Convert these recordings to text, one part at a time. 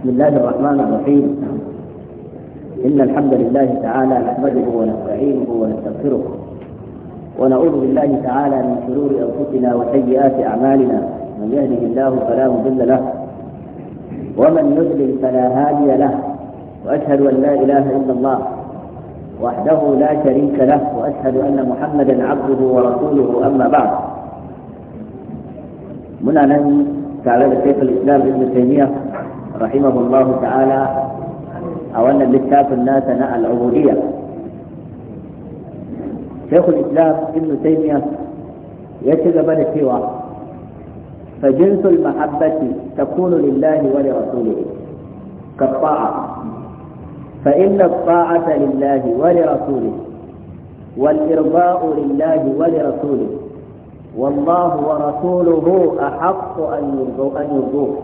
بسم الله الرحمن الرحيم إن الحمد لله تعالى نحمده ونستعينه ونستغفره ونعوذ بالله تعالى من شرور أنفسنا وسيئات أعمالنا من يهده الله فلا مضل له ومن يضلل فلا هادي له وأشهد أن لا إله إلا الله وحده لا شريك له وأشهد أن محمدا عبده ورسوله أما بعد منا نن تعالى شيخ الإسلام ابن تيمية رحمه الله تعالى او ان لكتاب الناس ناء العبودية شيخ الإسلام ابن تيمية يشد بن سوى فجنس المحبة تكون لله ولرسوله كالطاعة فإن الطاعة لله ولرسوله والإرضاء لله ولرسوله والله ورسوله أحق أن يرضوه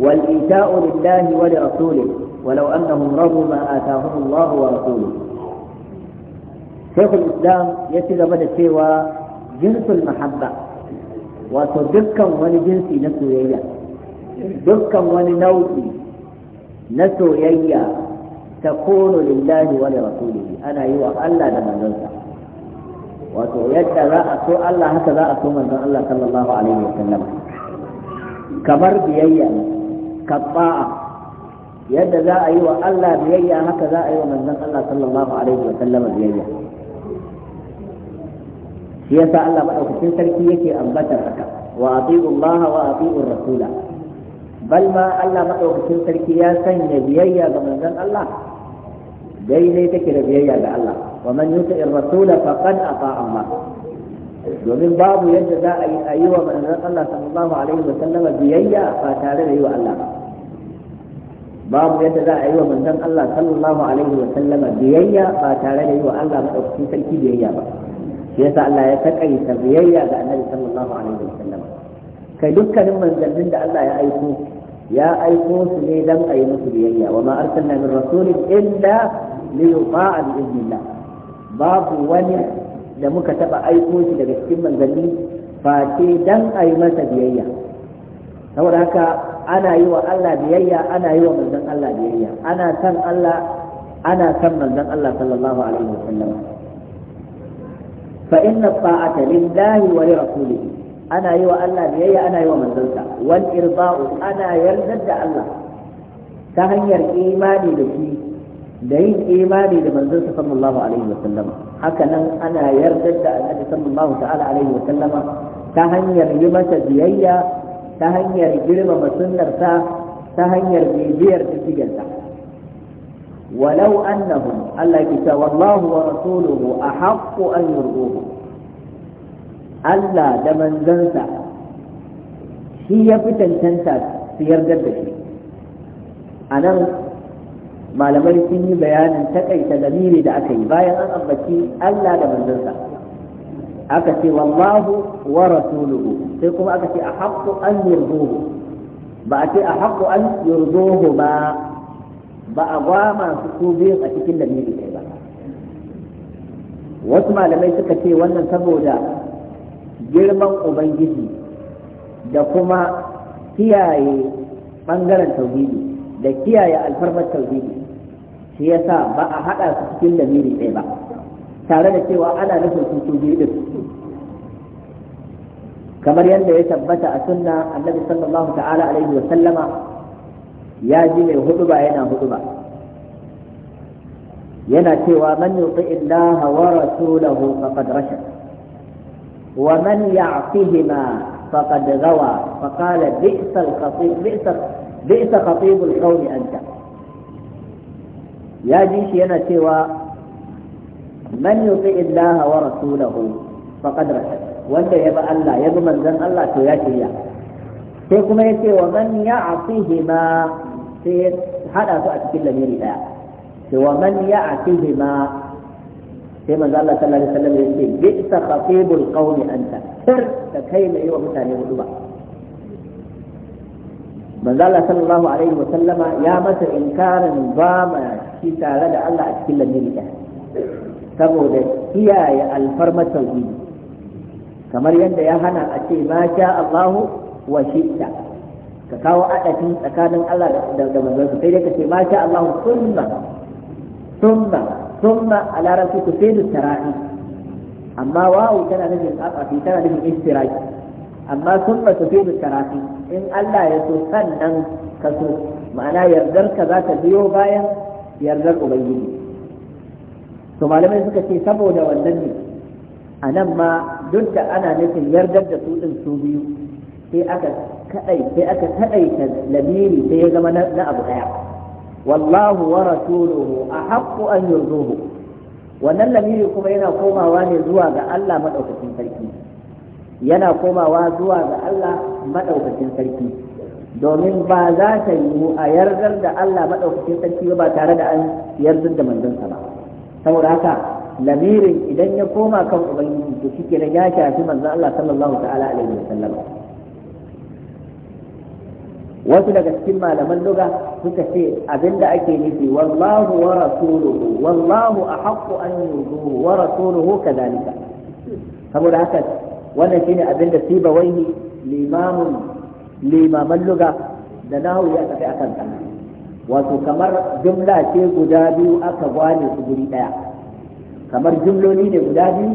والإيتاء لله ولرسوله ولو أنهم رضوا ما آتاهم الله ورسوله شيخ الإسلام يسير بدا سوى جنس المحبة وتدكا ولجنس نسو يجا دكا ولنوت نسو يجا تكون لله ولرسوله أنا يوى ألا لما ننسى وتؤيد رأسه الله حتى رأسه من الله صلى الله عليه وسلم كبر بيئة kafa'a yadda za a yi wa Allah biyayya haka za a yi wa manzon Allah sallallahu alaihi wa sallama biyayya shi yasa Allah madaukakin sarki yake ambatar haka wa ati'u Allah wa ati'u rasula bal ma Allah madaukakin sarki ya sanya biyayya ga manzon Allah daidai take da biyayya ga Allah wa man yuti'ir rasula faqad ata'a Allah domin babu yadda za a yi a yi wa manzon Allah sallallahu alaihi wa sallama biyayya ba tare da yi wa Allah ba babu yadda za a yi wa manzon Allah sallallahu alaihi wa sallama biyayya ba tare da yi wa Allah madaukakin sarki biyayya ba shi yasa Allah ya taƙaita biyayya ga Annabi sallallahu alaihi wa sallama kai dukkanin manzannin da Allah ya aiko ya aiko su ne dan a yi musu biyayya wa ma arsalna min rasulin illa li yuta'a bi idnillah babu wani da muka taɓa aiko shi daga cikin manzanni face dan a yi masa biyayya saboda haka ana yi wa Allah biyayya ana yi wa manzon Allah biyayya ana san Allah ana san manzon Allah sallallahu alaihi wa wasallam fa inna ta'ata lillahi wa li rasulihi ana yi wa Allah biyayya ana yi wa manzansa wal irda'u ana yarda da Allah ta hanyar imani da shi da yin imani da manzon sallallahu alaihi wa sallama haka nan ana yarda da annabi sallallahu ta'ala alaihi wa sallama ta hanyar yi masa biyayya ta hanyar girmama sunnarsa ta hanyar bibiyar walau dukiyarsa ولو أنهم الله كتاب والله ورسوله أحق أن يرضوه Allah da manzansa shi ya fi cancanta su yarda da shi a nan malamai sun yi bayanin takaita lamiri da aka yi bayan an ambaci Allah da manzansa aka ce wallahu wa rasuluhu sai kuma aka ce a haqqu an yurduhu ba a ce a haqqu an yurduhu ba ba a gwama su su biyu a cikin lamiri kai ba wasu malamai suka ce wannan saboda girman ubangiji da kuma kiyaye ɓangaren tauhidi da kiyaye alfarmar tauhidi shi sa ba a haɗa su cikin lamiri ɗaya ba tare da cewa ana nufin su biyu din kamar yadda ya tabbata a sunna annabi sallallahu ta'ala alaihi wa sallama ya ji mai hudu ba yana hudu ba yana cewa man yuti illaha wa rasulahu faqad rashad wa man ya'tihima faqad gawa faqala bi'sa al-khatib bi'sa bi'sa khatib al-qawmi anta ya ji shi yana cewa man yuti illaha wa rasulahu faqad rashad wanda ya bi Allah ya bi manzon Allah to ya shirya sai kuma ya ce wa man ya'tihima sai hada su a cikin lamiri daya sai wa man ya'tihima sai manzo Allah sallallahu alaihi wasallam ya ce bi sa khatibul qawmi anta sir da kai mai wa mutane hudu ba manzo Allah sallallahu alaihi wa sallama ya masa inkarin ba ma shi tare da Allah a cikin lamiri ɗaya saboda kiyaye alfarma tauhidi kamar yadda ya hana a ce ma sha Allahu wa shi'ta ka kawo adadin tsakanin Allah da da manzon sai dai ka ce ma sha Allahu sunna sunna sunna a larabci ku sai da tara'i amma wawu tana nufin tsafafi tana nufin istiraki amma sun ba tafi da karafi in Allah ya so sannan ka so ma'ana yardar ka za ta biyo bayan yardar ubangiji to malamai suka ce saboda wannan ne a nan ma duk da ana nufin yardar da su din su biyu sai aka kadai sai aka kadaita lamiri sai ya zama na abu daya wallahu wa rasuluhu ahaqqu an yurduhu wannan lamiri kuma yana komawa ne zuwa ga Allah madaukakin sarki yana komawa zuwa ga Allah madaukakin sarki domin ba za ta yiwu a yardar da Allah madaukakin sarki ba tare da an yardar da manzansa ba saboda haka lamirin idan ya koma kan ubangiji to shikenan ya shafi manzon Allah sallallahu ta'ala alaihi wasallam wasu daga cikin malaman luga suka ce abinda ake nufi wallahu wa rasuluhu wallahu ahqqu an yuzuhu wa rasuluhu kadhalika saboda haka wannan shine abin da siba waihi limamun limaman luga da nahawi aka kai akan ta wato kamar jumla ce guda biyu aka gwane su guri daya kamar jumloli ne guda biyu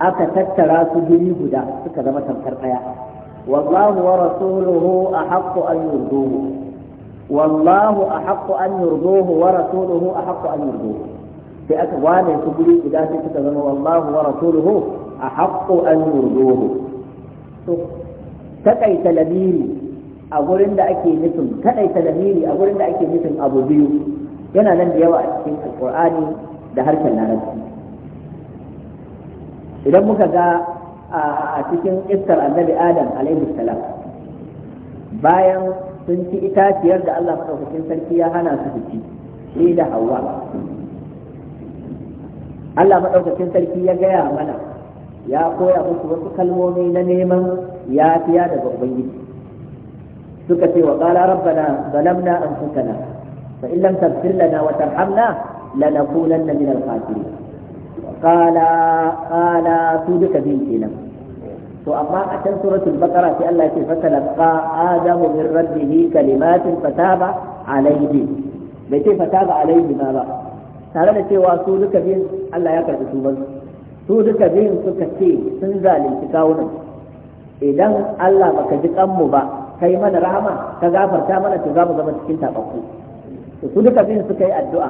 aka tattara su guri guda suka zama tamkar daya wallahu wa rasuluhu ahaqqu an yurduhu wallahu ahaqqu an yurduhu wa rasuluhu ahaqqu an yurduhu sai aka gwane su guri guda sai suka zama wallahu wa rasuluhu a haƙƙo an yurdohu to taƙaita lamiri a wurin da ake nufin taƙaita lamiri a gurin da ake nufin abu biyu yana nan da yawa a cikin alƙur'ani da harkar larabci idan muka ga a cikin istar annabi adam alaihi salam bayan sun ci itaciyar da Allah maɗaukacin sarki ya hana su su ci shi da hawa Allah maɗaukacin sarki ya gaya mana ya koya musu wasu kalmomi na neman yafiya babban ubangiji suka ce wa qala rabbana zalamna anfusana fa in lam taghfir lana wa tarhamna lanakunanna min al-khasirin qala qala su duka bin kenan to amma a can suratul baqara sai Allah ya ce fatalaqa adamu min rabbih kalimatin fataba alayhi bai ce fataba alayhi ba tare da cewa su duka bin Allah ya karbi su ba su duka biyun suka ce sun zalunci kawunan idan Allah baka ji kanmu ba kai mana rahama ka gafarta mana to za mu zama cikin tabakku to su duka biyun suka yi addu'a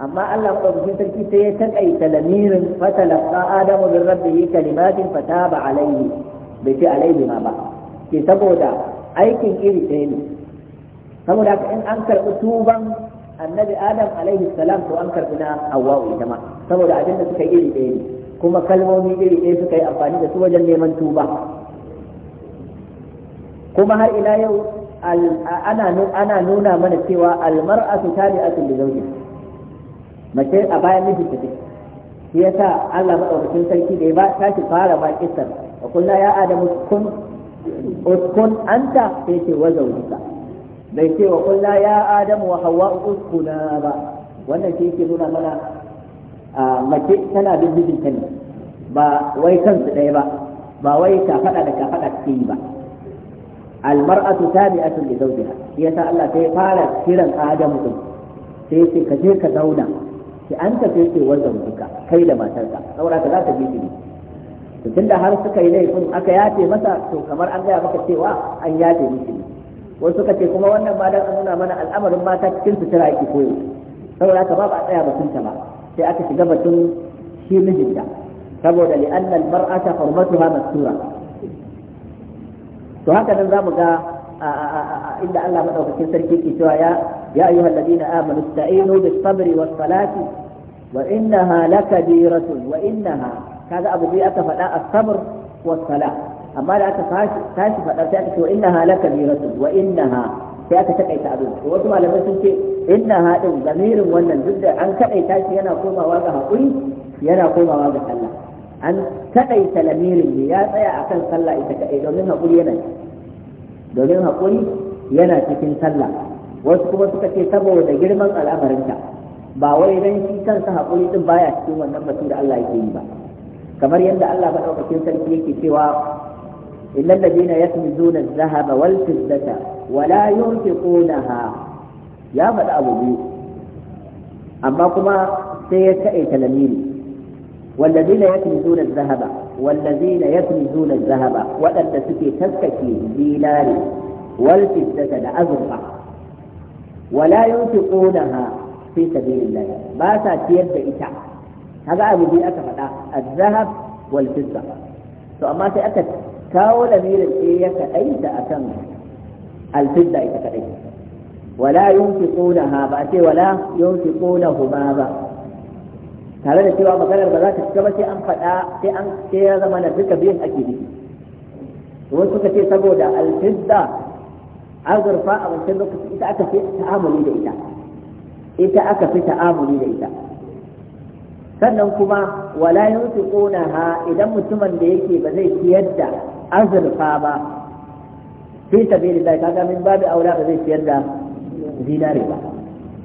amma Allah madaukakin sarki sai ya takaita lamirin fatalaqa adamu min rabbihi kalimatin fataba alayhi bai ce alayhi ma ba ke saboda aikin iri ɗaya ne saboda haka in an karɓi tuban annabi adam alaihi salam to an karɓi na hawwa ita ma saboda abin da suka iri ɗaya ne kuma kalmomi iri ɗaya suka yi amfani da su wajen neman tuba kuma har ila yau ana nuna mana cewa almar'atu tabi'atu li zawji mace a bayan miji ce shi yasa Allah madaukakin sarki da ya ba shi fara ba kisar a kullu ya adamu kun uskun anta sai ce wa bai ce wa ya adamu wa hawa uskuna ba wannan shi ke nuna mana mace tana bin mijinta ne ba wai kansu ɗaya ba ba wai ka faɗa da ka faɗa suke yi ba almar'atu tabi'atun li zawjiha shi yasa Allah sai fara kiran Adamu din sai yace ka je ka zauna ki an ta sai ce wanda mutuka kai da matarka saboda ka za ta bi ne to tunda har suka yi laifin aka yace masa to kamar an gaya maka cewa an yace miki ne wasu suka ce kuma wannan ba dan nuna mana al'amarin mata cikin sutura yake koyo saboda ka ba ba tsaya ba ba sai aka shiga batun shi mijinta saboda li'annal mar'ata hurmatuha mastura to haka nan zamu ga inda Allah madaukakin sarki ke cewa ya ya ayyuhal ladina amanu ista'inu bis sabri was salati wa innaha lakabiratun wa innaha kaga abu bi aka faɗa as-sabr was salat amma da aka tashi faɗa sai aka ce wa innaha lakabiratun wa innaha sai aka takaita abin to wasu malamai sun ce inna haɗin zamirin wannan duk da an kadaita shi yana komawa ga hakuri yana komawa ga sallah an kadaita lamirin ne ya tsaya akan sallah ita kaɗai domin hakuri yana domin hakuri yana cikin sallah wasu kuma suka ce saboda girman al'amarinta ba wai dan shi kansa hakuri din baya cikin wannan batun da Allah yake yi ba kamar yadda Allah madaukakin sarki yake cewa illal ladina yakmizuna adh-dhahaba wala yunfiqunaha ya faɗi abu biyu amma kuma sai ya kaita lamiri والذين يكنزون الذهب والذين يكنزون الذهب وأن سكي تسكي دينار والفزة لأزرقة ولا ينفقونها في سبيل الله ما ساتير بإتع هذا أبو بي أكفت الذهب والفزة فأما سأكت كاول مير الإيه كأيت أكمل alfidda ita kadai wala yunfiqunaha ba ce wala yunfiqunahuma ba tare da cewa maganar ba za ta cika ba sai an faɗa sai ya zama na duka biyan ake bi wasu suka ce saboda alfidda azurfa a wancan lokaci ita aka fi ta'amuli da ita da ita sannan kuma wala yunfiqunaha idan mutumin da yake ba zai ciyar da azurfa ba fi sabilillah kaga min babu aula ba zai ciyar da dinare ba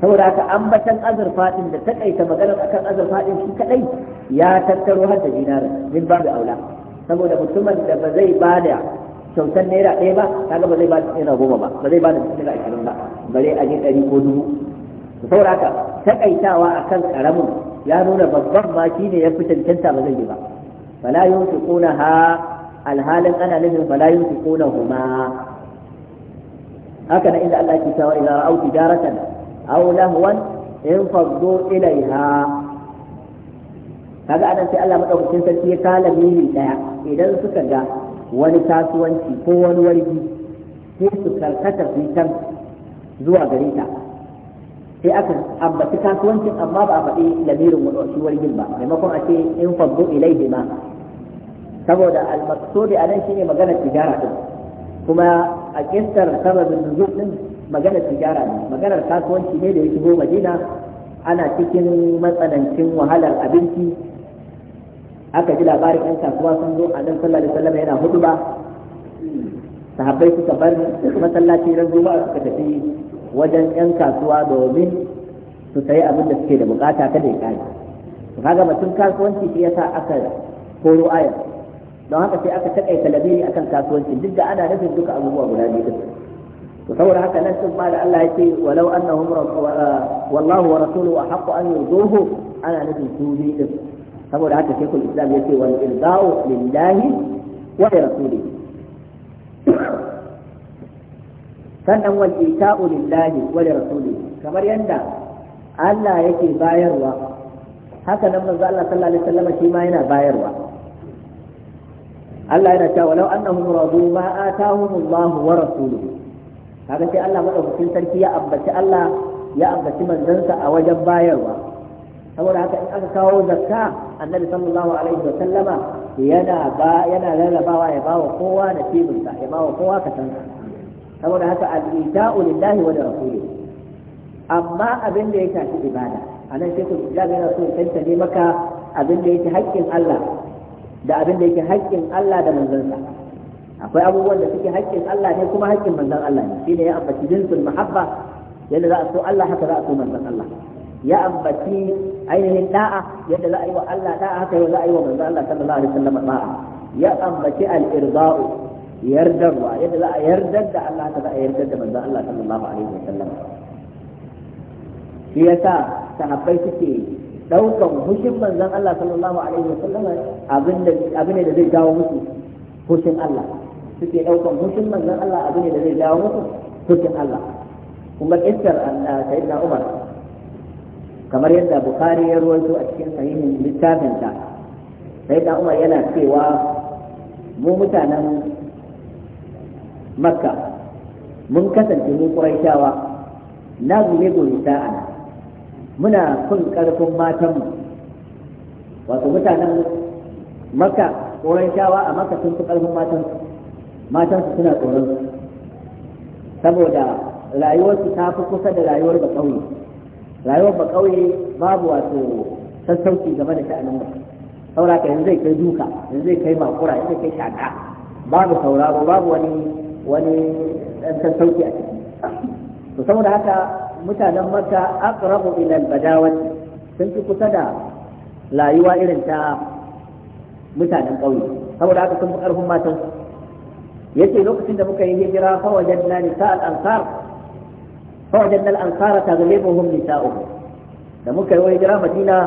saboda haka ambatan azurfa din da takaita maganar akan azurfa din shi kadai ya tattaro har da dinare min babu aula saboda mutumin da ba zai ba da kyautar naira ɗaya ba kaga ba zai ba da naira goma ba ba zai ba da naira ashirin ba bare a je ɗari ko dubu saboda haka takaitawa akan karamin ya nuna babban ma ne ya fi cancanta ba zai yi ba fala yunfiquna ha alhalin ana nufin fala yunfiquna huma haka na inda Allah ke cewa idza ra'aw tijaratan aw lahwan infaddu ilaiha kaga anan sai Allah madaukakin sarki ya kala mili daya idan suka ga wani kasuwanci ko wani wargi sai su karkata su can zuwa gare ta sai aka ambaci kasuwancin amma ba a faɗi lamirin shi wargin ba maimakon a ce in faddu ilaihi ma saboda al-maqsudi anan shine magana tijara din kuma a kistar sababin nuzul din maganar tijara ne maganar kasuwanci ne da ya shigo madina ana cikin matsanancin wahalar abinci aka ji labarin yan kasuwa sun zo a nan sallallahu alaihi wasallam yana hudu ba sahabbai suka bar masallaci ran juma'a suka tafi wajen yan kasuwa domin su sayi abin da suke da bukata kada ya kare kaga batun kasuwanci shi yasa aka koro ayar don haka sai aka takaita lamiri akan kasuwanci duk da ana nufin duka abubuwa guda biyu din to saboda haka nan sun ba da Allah yake walau annahum wallahu wa rasuluhu ahqqu an yurduhu ana nufin su biyu din saboda haka shekul islam yake wal irda'u lillahi wa rasulihi sannan wal ita'u lillahi wa rasulihi kamar yadda Allah yake bayarwa haka nan manzo Allah sallallahu alaihi wasallam shi ma yana bayarwa Allah yana cewa walau annahum radu ma atahum Allah wa rasuluhu kaga sai Allah madaukakin sarki ya ambaci Allah ya ambaci manzansa a wajen bayarwa saboda haka in aka kawo zakka annabi sallallahu alaihi wa sallama yana ba yana lalabawa ya bawa kowa nasibinsa ya bawa kowa kasansa saboda haka al-ita'u lillahi wa rasulihi amma abin da ya shafi ibada anan sai ku ga yana so tantance maka abin da yake haƙƙin Allah da abin da yake haƙƙin Allah da manzansa akwai abubuwan da suke haƙƙin Allah ne kuma haƙƙin manzan Allah ne shine ya ambaci jinsul mahabba yadda za a so Allah haka za a so manzan Allah ya ambaci ainihin da'a yadda za a yi wa Allah da'a haka za a yi wa manzan Allah sallallahu alaihi wasallam da'a ya ambaci al-irda'u yardarwa yadda za a yardar da Allah haka za a yardar da manzan Allah sallallahu alaihi wasallam shi yasa sahabbai suke daukan hushin manzon Allah sallallahu alaihi wa abinda abin da zai jawo musu hushin Allah suke daukan hushin manzon Allah abin da zai jawo musu hushin Allah kuma iskar sayyidina Umar kamar yadda Bukhari ya ruwaito a cikin sahihin littafin sa sayyidina Umar yana cewa mu mutanen Makka mun kasance mu Qurayshawa na gune gune sa'ana muna kun ƙarfin matanmu wato mutanen maka tsoron shawa a maka sun fi ƙarfin matansu matansu suna tsoron saboda rayuwarsu ta fi kusa da rayuwar ba ƙauye rayuwar ba ƙauye babu wato sassauci game da sha'anin ba saura ka yanzu zai kai duka yanzu zai kai makura yanzu zai kai shaka babu sauraro babu wani wani sassauci a ciki to saboda haka mutanen maka aqrabu ila al-badawati sun fi kusa da layuwa irin ta mutanen ƙauye saboda haka sun fi ƙarfin matan yace lokacin da muka yi hijira fa wajadna nisa al-ansar fa wajadna al-ansar taghlibuhum nisa'uhum da muka yi hijira madina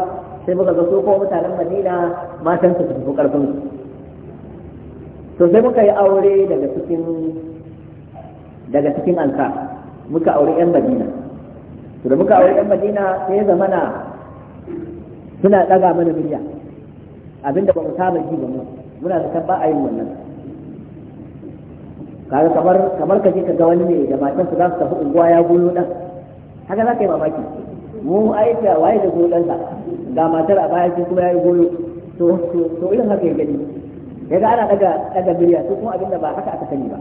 sai muka ga su ko mutanen madina matan su fi ƙarfin su to sai muka yi aure daga cikin daga cikin ansar muka aure yan madina to da muka aure ɗan madina sai zamana suna ɗaga mana murya abinda ba mu saba ji ba mu muna da ba a yin wannan kaga kamar kamar ka je ka ga wani ne da matan su za su tafi unguwa ya goyo dan haka za ka yi mamaki mu a waye da goyo ɗansa ga matar a baya kuma ya yi goyo to to irin haka ya gani ga ana daga daga murya to kuma abinda ba haka aka sani ba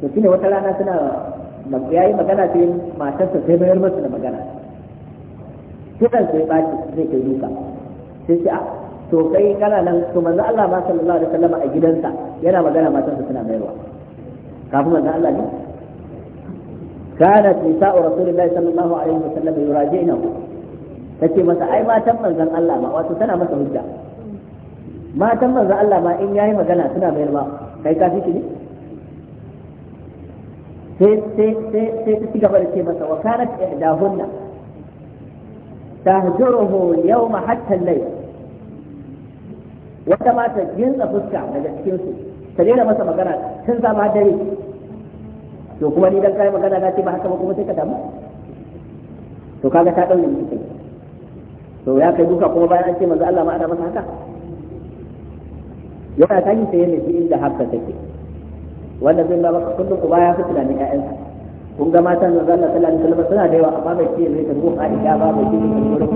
to shine wata rana suna ya yi magana sai matarsa sai mayar masa da magana kidan sai baki zai kai duka sai ce a to kai kana nan to manzo Allah ma sallallahu alaihi wasallam a gidansa yana magana matarsa suna mayarwa kafin manzo Allah ne كانت نساء رسول الله صلى الله عليه وسلم يراجعنه tace masa ai matan manzon Allah ma wato tana masa hujja matan manzon Allah ma in yayi magana suna bayarwa. kai ka fi ne sai ta ci gaba da ce masa wa kanat ihdahunna tahjuruhu yawma hatta al-layl wata mata jinsa fuska daga cikin su ta daina masa magana tun zama dare to kuma ni dan kai magana na ce ba haka ba kuma sai ka damu to kaga ta daure mutum kai to ya kai duka kuma bayan an ce manzo Allah ma ana masa haka yana yi sai ya nufi inda haka take wanda zai ba ka kullum uba ya fi tunanin ƴaƴansa kun ga matan da zalla sallallahu alaihi wasallam suna da yawa amma bai ce mai a Aisha ba bai ce mai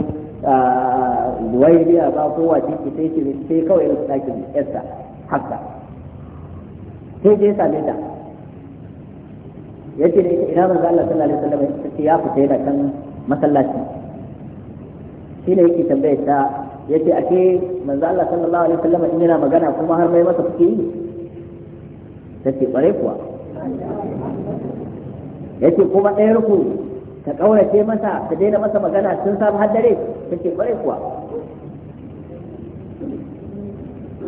duwai ah, biya ba wa ciki sai ce sai kawai ya tsaki ƴaƴansa haka sai je same ta yace ne ina manzo Allah sallallahu alaihi wasallam ya fita da kan masallaci shi ne yake tambayar ta yace ake manzo Allah sallallahu alaihi wasallam in yana magana kuma har mai masa fuke yi ta ce kuwa ya ce kuma ɗayar ku ta ƙaurace masa ta daina masa magana sun samu haddare ta ce ɓare kuwa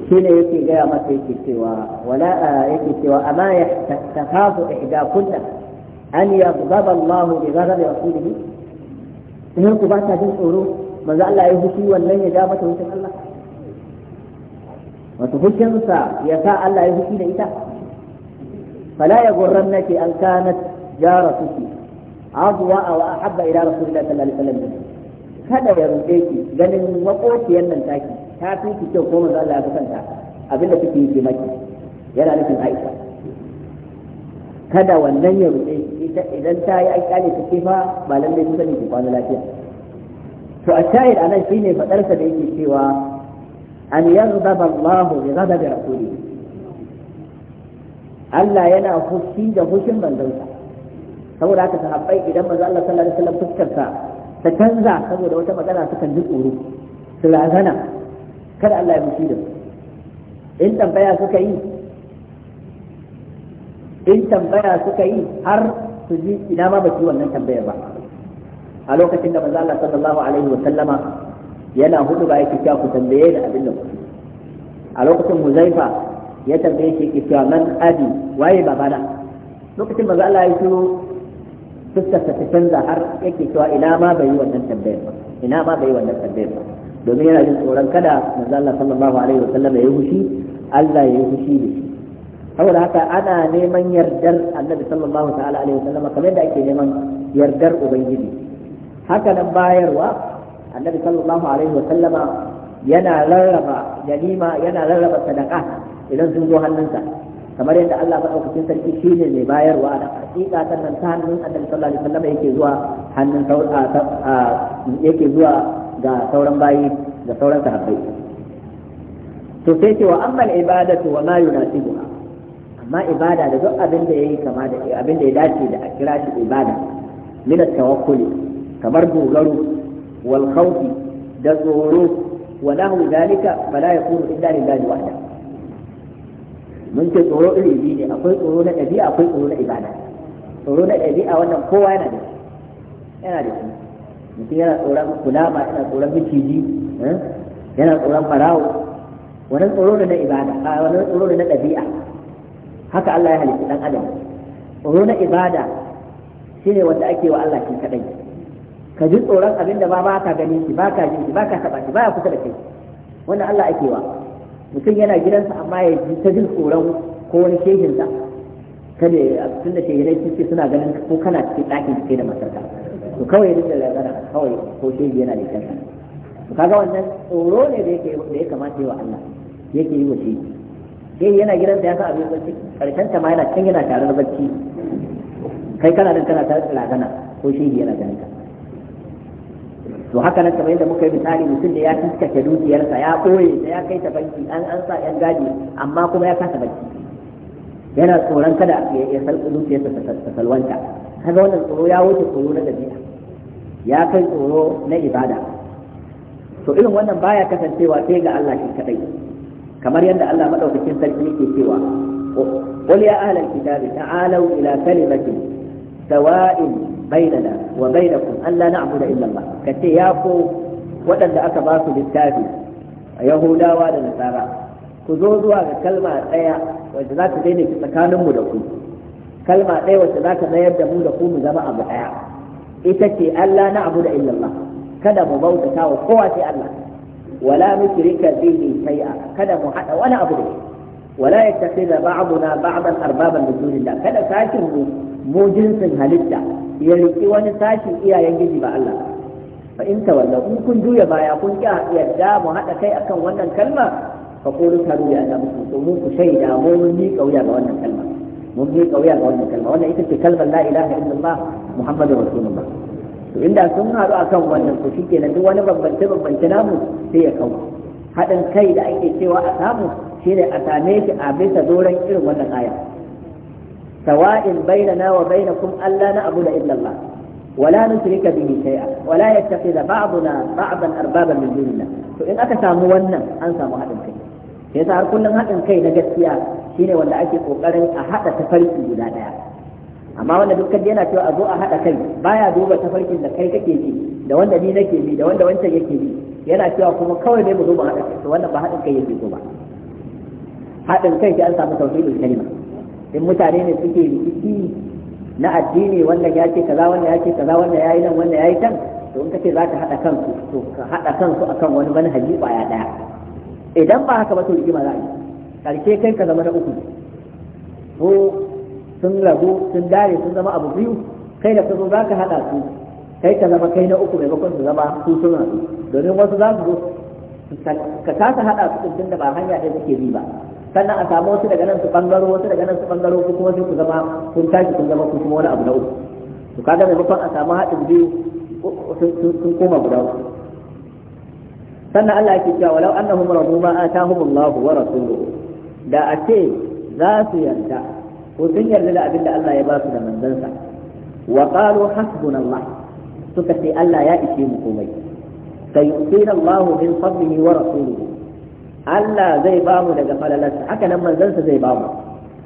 shi ne yake gaya masa yake cewa wala yake cewa amma ya tafafu ihda kunta an yaghdaba Allah bi ghadabi rasulih idan ku ba ta jin tsoro manzo Allah ya hushi wannan ya ja mata wucin Allah wato fushinsa ya sa Allah ya hushi da ita fala ya gurran nake an kanat jara suke abuwa a wa habba ila rasulullahi sallallahu kada ya ruɗe ki ganin makociyar nan taki ta fi ki kyau ko manzo Allah ya kusanta abinda kike yi maki yana nufin Aisha kada wannan ya ruɗe ita idan ta yi aikali ta ce fa ba lalle ta sani ki kwana lafiya to a shahid anan shine fadarsa da yake cewa an yaghdab Allah bi ghadab rasulih Allah yana fushi da fushin manzansa saboda haka sahabbai idan manzo Allah sallallahu alaihi wasallam fuskarsa ta canza saboda wata magana sukan ji tsoro su razana kada Allah ya fushi da su in tambaya suka yi in tambaya suka yi har su ji ina ma ba su wannan tambayar ba a lokacin da manzo Allah sallallahu alaihi wa sallama yana hudu ba yake cewa ku tambaye da abin da ku a lokacin Huzaifa ya tambaye shi yake cewa man abi waye babana lokacin manzo Allah ya shiru fuskar ta canza har yake cewa ina ma bai yi wannan tambayar ba ina ma bai yi wannan tambayar ba domin yana jin tsoron kada manzo Allah sallallahu alaihi sallam ya yi fushi Allah ya yi fushi da shi saboda haka ana neman yardar Annabi sallallahu ta'ala alaihi wasallam kamar da ake neman yardar ubangiji haka nan bayarwa Annabi sallallahu alaihi wasallama yana rarraba ganima yana rarraba sadaka idan sun zo hannunsa kamar yadda Allah madaukakin sarki shine mai bayarwa da hakika sannan ta hannun annabi sallallahu alaihi wasallam yake zuwa hannun yake zuwa ga sauran bayi da sauran sahabbai to sai ce wa amma ibadatu wa ma yunasibuha amma ibada da duk abin da yayi kama da abin da ya dace da a kira shi ibada min at-tawakkul kamar dogaro wal khawfi da tsoro wa lahu dalika fala yakunu illa lillahi wahdahu mun ce tsoro iri biyu ne akwai tsoro na ɗabi'a akwai tsoro na ibada tsoro na ɗabi'a wannan kowa yana da shi yana da shi mutum yana tsoron kulama yana tsoron miciji eh? yana tsoron farawo wannan tsoro ne na ibada a wannan tsoro ne na ɗabi'a haka Allah ya halitta dan adam tsoro na ibada shine wanda ake wa Allah shi kadai ka ji tsoron abin da ba ba ka gani shi ba ka jin shi ba ka taba shi ba ya kusa da kai wannan Allah ake wa mutum yana gidansa amma ya ji ta jin tsoron ko wani shehinsa kada ya tun da shehinai suke suna ganin ko kana cikin ɗakin cike da matarka to kawai duk da lazara kawai ko shehi yana da kanka to kaga wannan tsoro ne da yake da ya kamata yi wa Allah yake yi wa shehi shehi yana gidansa ya sa abin bacci karshen ta ma yana can yana tare da bacci kai kana nan kana tare da lagana ko shehi yana ganin ka to haka nan kamar yadda muka yi misali mutum da ya fuskace dukiyarsa ya koye da ya kai ta banki an an sa yan gadi amma kuma ya kasa banki yana tsoron kada ya salku dukiyarsa ta salwanta kaga wannan tsoro ya wuce tsoro na dabi'a ya kai tsoro na ibada to irin wannan baya kasancewa sai ga Allah shi kadai kamar yadda Allah madaukakin sarki yake cewa qul ya ahlal kitabi ta'alu ila kalimatin sawa'in bainana wa bainakum Allah na'budu illa Allah kace ya ko waɗanda aka ba su littafi Yahudawa da Nasara ku zo zuwa ga kalma ɗaya wacce za ta daina tsakanin mu da ku kalma ɗaya wacce za ta mayar da mu da ku mu zama abu ɗaya ita ce Allah na'budu illa Allah kada mu bautata wa kowa sai Allah wala nushrika bihi shay'a kada mu hada wani abu da shi wala yattakhidha ba'duna ba'dan arbaban min dunillah kada sakin mu mu jinsin halitta ya riƙi wani sashin iyayen gizi ba Allah fa in wallo in kun juya baya kun ki yadda mu haɗa kai akan wannan kalma fa qulu ta ya da muku to mu ku shaida mu mun mi kauya ga wannan kalma mun mi kauya ga wannan kalma wannan ita ce kalmar la ilaha illallah muhammadur rasulullah to inda sun haɗu akan wannan to shikenan duk wani bambance babbance namu sai ya kawo haɗin kai da ake cewa a samu shine a same shi a bisa doron irin wannan aya سواء بيننا وبينكم ألا نعبد إلا الله ولا نشرك به شيئا ولا يتخذ بعضنا بعضا أربابا من دون الله فإن أكثر مولنا أنسى مهدم كي yasa har kullum haɗin kai na gaskiya shine wanda ake kokarin a haɗa tafarki guda ɗaya amma wanda dukkan yana cewa a zo a haɗa kai baya duba tafarkin da kai kake bi da wanda ni nake bi da wanda wancan yake bi yana cewa kuma kawai dai mu zo mu haɗa kai to wannan ba haɗin kai yake so ba haɗin kai sai an samu tauhidul kalima in mutane ne suke rikici na addini wannan ya ce kaza wannan ya ce kaza wannan ya yi nan wannan ya yi can to in kace za ka haɗa kansu to ka haɗa kansu akan wani manhaji ƙwaya ɗaya idan ba haka ba to rigima za a yi ƙarshe kai ka zama na uku ko sun rabu sun dare sun zama abu biyu kai da ka zo za ka haɗa su kai ka zama kai na uku maimakon su zama su suna su domin wasu za su zo ka kasa haɗa su tun da ba hanya ɗaya suke bi ba sannan a samu wasu daga nan su bangaro wasu daga nan su bangaro ko kuma sai zama kun tashi kun zama ku kuma wani abu na uku to kaga maimakon a samu haɗin biyu sun koma guda uku sannan Allah yake cewa walau annahum radu ma atahum Allah wa rasuluhu da a ce za su yarda ko sun yarda da abin da Allah ya ba su da manzansa wa qalu hasbunallah suka ce Allah ya ishe mu komai sayu'tina Allah min fadlihi wa rasuluhu Allah zai ba mu daga falalarsa haka nan manzansa zai ba mu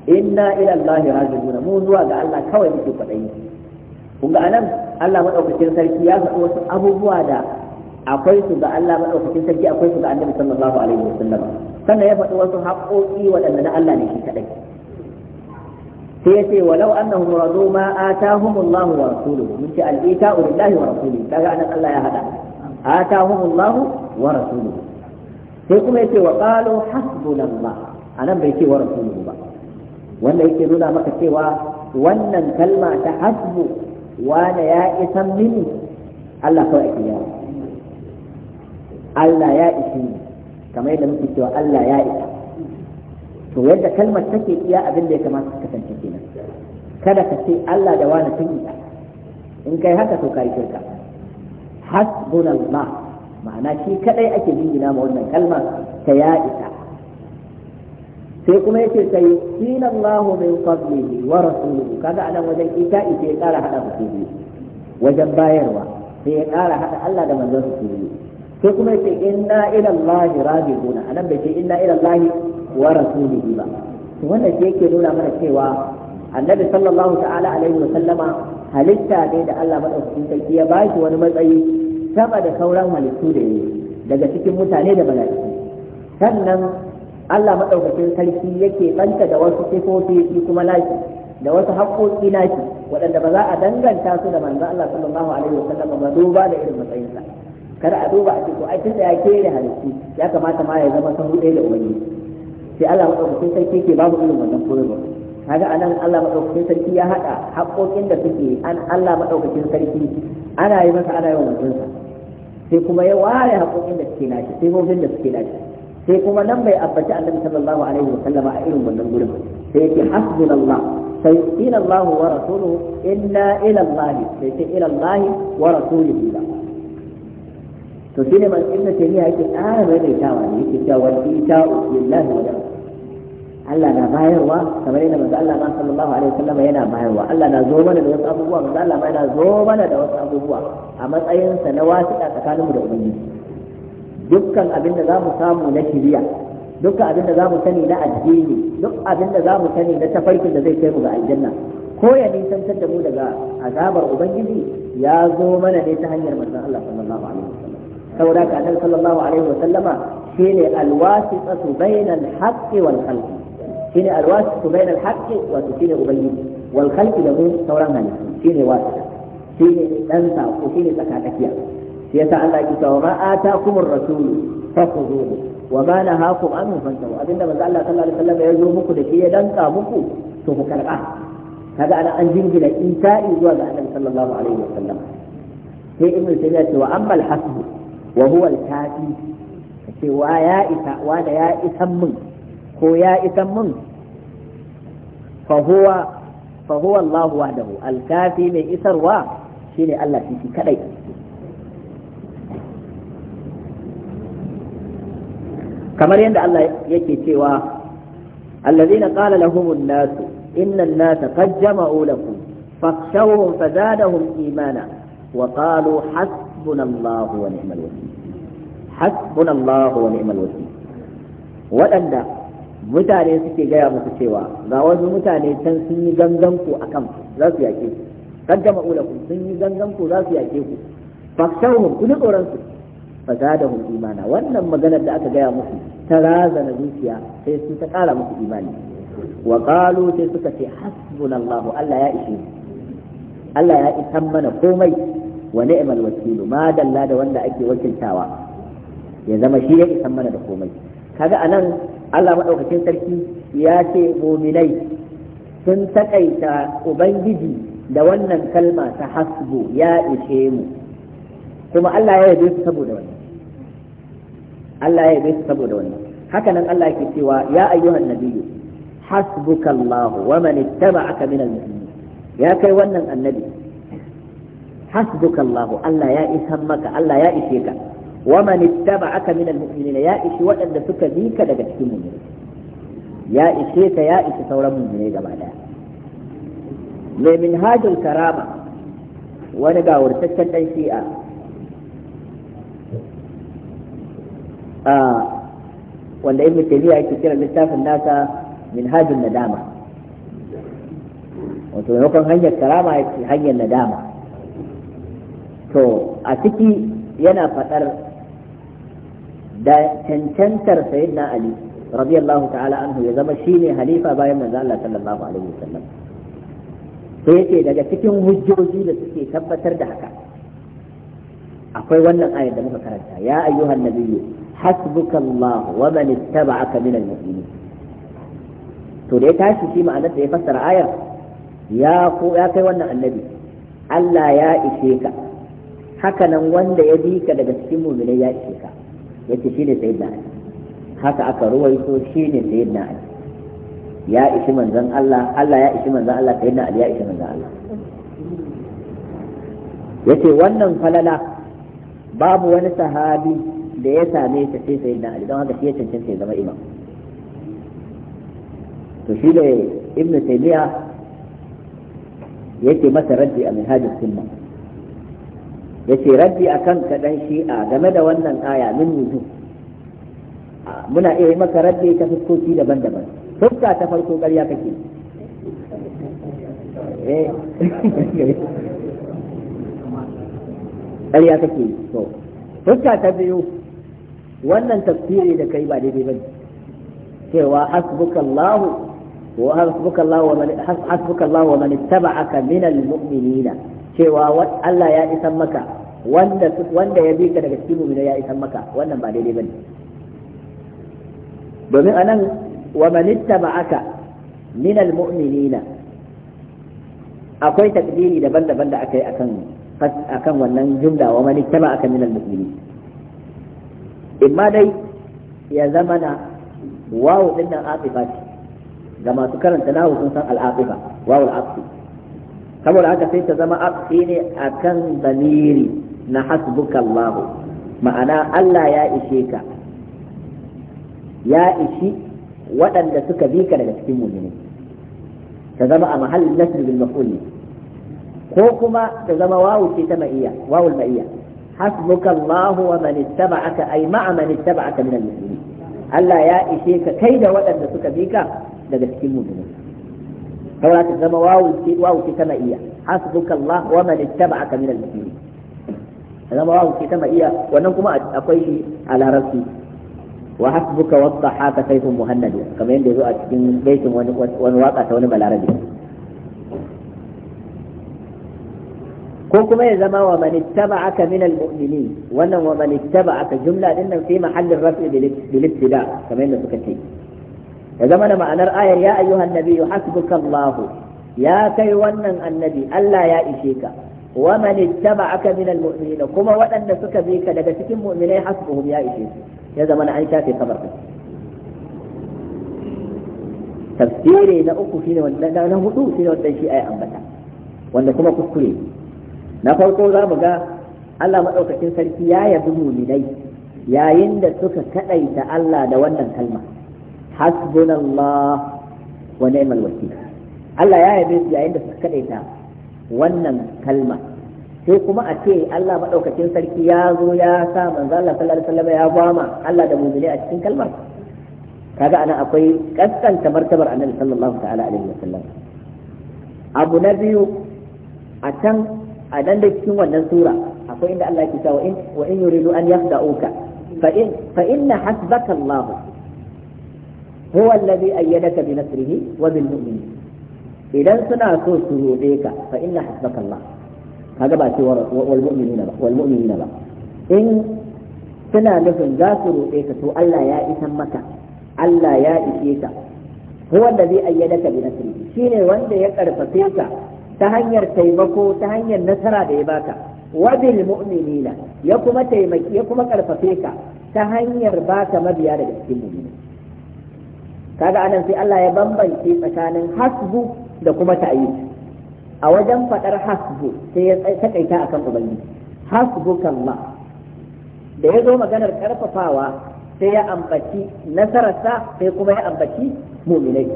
inna ila Allah raji'un mu zuwa ga Allah kawai muke kwadayi kun ga anan Allah madaukakin sarki ya faɗi wasu abubuwa da akwai su ga Allah madaukakin sarki akwai su ga Annabi sallallahu alaihi wasallam sannan ya faɗi wasu haƙoƙi waɗanda na Allah ne shi kadai sai ya ce walau annahum radu ma atahumullahu wa rasuluhu mun ce al-ita'u lillahi wa rasulihi kaga anan Allah ya hada atahumullahu wa rasuluhu ko kuma yace wa qalu hasbunallah anan bai ce wa rasuluhu ba wanda yake nuna maka cewa wannan kalma ta hasbu wanda ya isan mini Allah kawai ake yawa Allah ya isi ni kamar yadda muke cewa Allah ya isa to yadda kalmar take iya abin da ya kamata ka kasance kenan kada ka ce Allah da wani sun isa in kai haka to kai shirka hasbunallah ma'ana shi kadai ake jingina ma wannan kalma ta ya isa sai kuma yace sai inna Allahu min qablihi wa rasuluhu kaga anan wajen ita ita ya kara hada su biyu wajen bayarwa sai ya kara hada Allah da manzon su biyu sai kuma yace inna ila Allahi raji'un anan bai ce inna ila Allahi wa rasulihi ba to wannan shi yake nuna mana cewa annabi sallallahu ta'ala alaihi wa sallama halitta ne da Allah madaukakin sarki ya bashi wani matsayi saba da sauran halittu da yi daga cikin mutane da mala'iku sannan Allah maɗaukacin sarki yake banta da wasu sifofi kuma laki da wasu haƙoƙi laki waɗanda ba za a danganta su da manzo Allah sallallahu alaihi sallam ba duba da irin matsayinsa kada a duba a ko aikin da ya kere halittu ya kamata ma ya zama sahu ɗaya da wani sai Allah maɗaukacin sarki ke babu irin wannan koyarwa kaga anan Allah madaukakin sarki ya hada haƙoƙin da suke an Allah madaukakin sarki ana yi masa ana yi wa mutunsa sai kuma ya ware haƙoƙin da suke nashi sai gobin da suke nashi sai kuma nan bai abbaci annabi sallallahu alaihi wa sallama a irin wannan gurin sai yake hasbunallah sai ila Allah wa rasuluhu inna ila Allah sai ce ila Allah wa rasuluhu ba to shine man ibn taymiya yake tsara mai tawa ne yake cewa wal ita'u lillahi wa rasuluhu Allah na bayarwa kamar yadda manzo Allah ma sallallahu alaihi wasallam yana bayarwa Allah na zo mana da wasu abubuwa manzo Allah ma yana zo mana da wasu abubuwa a matsayin sa na wasiƙa tsakanin mu da ubangiji dukkan abin da zamu samu na shiriya dukkan abin da zamu sani na addini duk abin da zamu sani na tafarkin da zai kai mu ga aljanna ko ya nisantar da mu daga azabar ubangiji ya zo mana ne ta hanyar manzon Allah sallallahu alaihi wasallam saboda ka annabi sallallahu alaihi wasallama shine alwasitatu bainal haqqi wal khalqi في الواسطة بين الحق وتكين أبين والخلف له سوران هني في واسطة في أنت وفي تكاتك يا سيسا أن وما آتاكم الرسول فخذوه وما نهاكم عنه فانتهوا أبن ما الله صلى الله عليه وسلم يجو مكو دكية دانتا مكو سوف كالقاء هذا أنا أنجم بلا إنساء إزوال النبي صلى الله عليه وسلم في ابن سيدة وأما الحسب وهو الكافي في وانا وآياء سمم ko ya isan mun fa huwa fa huwa Allah wahdahu al-kafi mai isarwa shine Allah shi kadai kamar yadda Allah yake cewa allazina qala lahumun nas inna an-nasa qad jama'u lakum fakhshawhum fazadahum imana wa qalu hasbunallahu wa ni'mal wakeel hasbunallahu wa ni'mal wakeel waɗanda mutane suke gaya musu cewa ga wasu mutane can sun yi ganganku ku akan za su yake ku kan jama ulakum sun yi ganganku za su yake ku fakshawhum ku tsoron su fazadahum imana wannan maganar da aka gaya musu ta razana zuciya sai su ta kara musu imani wa sai suka ce hasbunallahu Allah ya ishe Allah ya isan mana komai wa ni'mal wakilu ma dalla da wanda ake wakiltawa ya zama shi ya isan mana da komai kaga anan Allah maɗaukakin sarki ya ce muminai sun taƙaita ubangiji da wannan kalma ta hasbu ya ishe mu kuma Allah ya yabe su saboda wannan Allah ya yabe su saboda wannan haka nan Allah yake cewa ya ayyuhan nabiyyu hasbukallahu Allah wa man ittaba'aka min al ya kai wannan annabi hasbukallahu Allah ya isan maka Allah ya ishe ka wa man aka minal mu'minina ya ishi waɗanda suka zika daga cikin mu'minai ya ishe ka ya ishi sauran mu'minai gaba daya mai minhajul karama wani gawurtaccen dan shi'a a wanda ibnu taymiya yake kira littafin nasa min minhajul nadama wato maimakon hanyar karama yake hanyar nadama to a ciki yana faɗar da cancantar sayyidina ali radiyallahu ta'ala anhu ya zama shine halifa bayan manzo Allah sallallahu alaihi wasallam sai yake daga cikin hujjoji da suke tabbatar da haka akwai wannan ayar da muka karanta ya ayyuhan nabiyyu hasbuka wa man ittaba'aka minal mu'minin to da ya tashi shi ma'anar da ya fassara ayar ya ya kai wannan annabi Allah ya ishe ka haka nan wanda ya bi ka daga cikin mu'minai ya ishe ka yace shine sayyidina ali haka aka ruwaito ne sayyidina ali ya ishi manzon Allah Allah ya ishi manzon Allah sayyidina ali ya ishi manzon Allah yace wannan falala babu wani sahabi da ya same ta sai sayyidina ali don haka shi ya cancanta ya zama imam to shi da ibnu taymiya yake masa raddi a minhajus sunnah yake raddi akan ka dan shi'a game da wannan aya min mutu muna iya maka raddi ta fuskoki daban-daban fuska ta farko ƙarya kake eh. ƙarya kake to fuska ta biyu wannan tafsiri da kai ba daidai ba cewa hasbukallahu wa hasbukallahu wa man hasbukallahu wa man ittaba'aka minal mu'minina cewa Allah ya isan maka wanda wanda ya bi ka daga cikin mu'mina ya isa maka wannan ba daidai bane domin anan wa man ittaba'aka min almu'minina akwai takdiri daban-daban da aka yi akan akan wannan jumla wa man ittaba'aka min almu'minin imma dai ya zama na wawu din nan aqifa ga masu karanta nahu sun san al'aqifa wawu al'aqi saboda haka sai ta zama aqi ne akan zamiri na hasbukallahu ma'ana Allah ya ishe ka ya ishi waɗanda suka bi ka daga cikin mu'mini ta zama a mahallin nasr bil maf'ul ko kuma ta zama wawu ce ta ma'iyya wawul ma'iyya hasbukallahu wa man ittaba'aka ay ma'a man ittaba'aka min al Allah ya ishe ka kai da waɗanda suka bi ka daga cikin mu'mini saboda ta zama wawu ce wawu ce ta ma'iyya hasbukallahu wa man ittaba'aka min al-muslimin zama wawu ce ta ma'iya wannan kuma akwai shi a larabci wa hasbuka wasahaka sayfun muhannad kamar yadda yazo a cikin baitin wani wani waka ta wani ko kuma ya zama wa man ittaba'aka min almu'minin wannan wa man ittaba'aka jumla din nan fi mahallin raf'i bil ibtida kamar yadda suka ce ya zama da ma'anar ayar ya ayyuhan ya kai wannan annabi Allah ya ishe ka wa taba aka min almu'minina kuma waɗanda suka bi daga cikin mu'minai hasbuhum ya ishe su ya an shafe kabar tafsiri na uku na hudu shine wanda shi ayi ambata wanda kuma kuskure na farko za mu ga Allah madaukakin sarki ya yabi mu'minai yayin da suka kadaita Allah da wannan kalma wa Allah ya yabe su yayin da suka wannan kalma sai kuma a ce Allah maɗaukacin sarki ya zo ya sa manzo Allah sallallahu alaihi ya gwama Allah da mu'mini a cikin kalmar kaga ana akwai kaskanta martabar annabi sallallahu ta'ala alaihi wasallam abu na biyu a can a nan da cikin wannan sura akwai inda Allah ke cewa in wa in yuridu an yakhda'uka fa in fa inna hasbaka Allah huwa alladhi ayyadaka bi nasrihi wa bil mu'minin idan suna so su roɗe ka fa inna hasbakallah kaga ba ce wal mu'minina ba wal mu'minina ba in suna nufin za su roɗe ka to Allah ya isan maka Allah ya ishe ka huwa allazi ayyadaka bi nasrihi shine wanda ya karfafe ka ta hanyar taimako ta hanyar nasara da ya baka wa bil mu'minina ya kuma taimaki ya kuma karfafe ka ta hanyar baka mabiya daga cikin mu'mini kaga anan sai Allah ya bambance tsakanin hasbu da kuma ta'ayi a wajen faɗar hasbu sai ya takaita akan ubangiji hasbukallah da ya zo maganar karfafawa sai ya ambaci nasararsa sai kuma ya ambaci mu'minai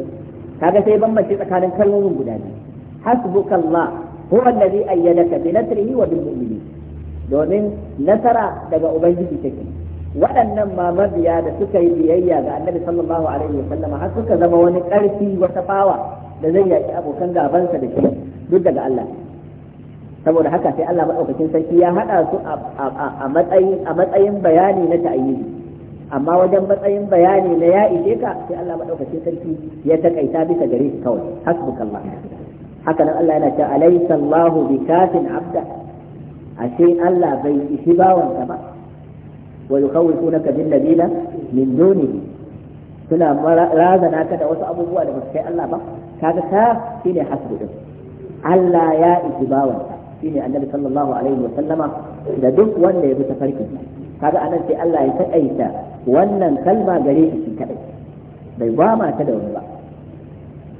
kaga sai bambanci tsakanin kalmomin guda biyu hasbukallah huwa allazi ayyadaka bi nasrihi wa bil mu'minin domin nasara daga ubangiji take waɗannan ma mabiya da suka yi biyayya ga annabi sallallahu alaihi sallam har suka zama wani ƙarfi wata fawa da zai yaki abokan gabansa da shi duk daga Allah saboda haka sai Allah madaukakin sarki ya haɗa su a matsayin a matsayin bayani na ta'ayyidi amma wajen matsayin bayani na ya ishe ka sai Allah madaukakin sarki ya takaita bisa gare shi kawai hasbukallah haka nan Allah yana cewa alaysa Allahu bikafin abda ashe Allah bai ishi ka ba wa yukhawifunaka bil ladina min dunihi suna razana ka da wasu abubuwa da ba su kai Allah ba kaga ta shine hasbu din Allah ya isi bawansa shine annabi sallallahu alaihi wa sallama da duk wanda ya bi tafarkin kaga anan sai Allah ya taƙaita wannan kalma gare shi kadai bai ba ma ta da wani ba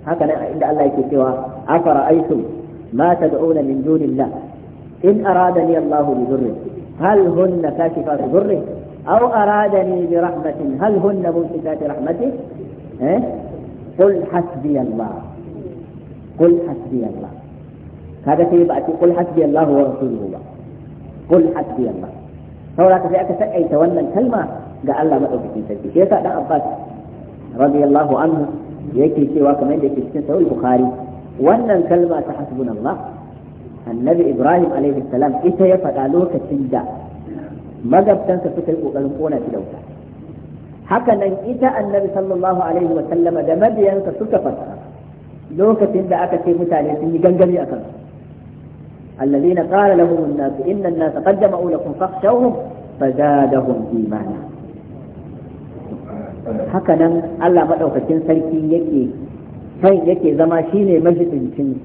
haka nan inda Allah yake cewa afara aitum ma tad'una min dunillah in aradani Allahu bi dhurri hal hunna kashifatu dhurri aw aradani bi rahmatin hal hunna mumsikatu rahmatihi eh قل حسبي الله qul hasbiyallah kaga sai ba a ce qul hasbiyallah wa rasuluhu ba qul hasbiyallah saboda sai aka takaita wannan kalma ga Allah madaukakin sarki shi yasa dan Abbas radiyallahu anhu yake cewa kamar yadda ke cikin sahih bukhari wannan kalma ta hasbunallah annabi ibrahim alaihi ita ya faɗa lokacin da magabtansa suka yi kokarin kona shi da wuta haka nan ita annabi sallallahu alaihi da mabiyansa suka lokacin da aka ce mutane sun yi gangami akan su alladhina qala lahum an-nas inna an-nasa qad jama'u lakum fakhshawhum fazadahum imana haka Allah sarki yake sai yake zama shine majidincin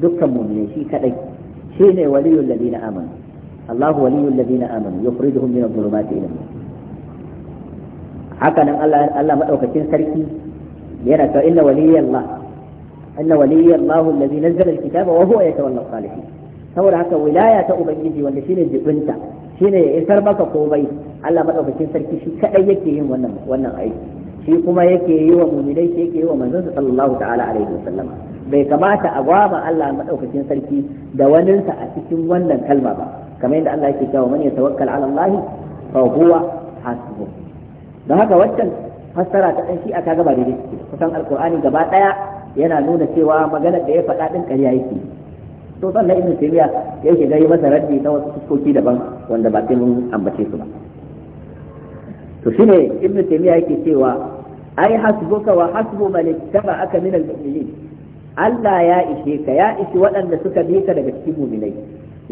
dukkan mu'mini shi kadai shine waliyul ladina amanu Allahu waliyul ladina amanu yukhrijuhum min adh-dhulumati ila ta nur haka nan Allah Allah sarki yana ta inna waliyallah أن ولي الله الذي نزل الكتاب وهو يتولى الصالحين saboda haka wilaya ta ubangiji wanda shine jibinta shine ya isar maka komai Allah madaukakin sarki shi kadai yake yin wannan wannan aiki shi kuma yake yi wa mu'minai shi yake yi wa manzon sallallahu ta'ala alaihi wasallam bai kamata a gwaba Allah madaukakin sarki da waninsa a cikin wannan kalma ba kamar yadda Allah yake cewa man yatawakkal ala Allah fa huwa hasbuh don haka wannan fassara ta dan shi aka gaba da daidai kusan alqur'ani gaba daya yana nuna cewa magana da ya faɗa din ƙarya yake to sannan ibn taymiya ya shiga yi masa raddi ta wasu fuskoki daban wanda ba sai mun ambace su ba to shine ibn taymiya yake cewa ai hasbuka wa hasbu man ittaba'aka min al-mu'minin Allah ya ishe ka ya ishi waɗanda suka bi ka daga cikin mu'minai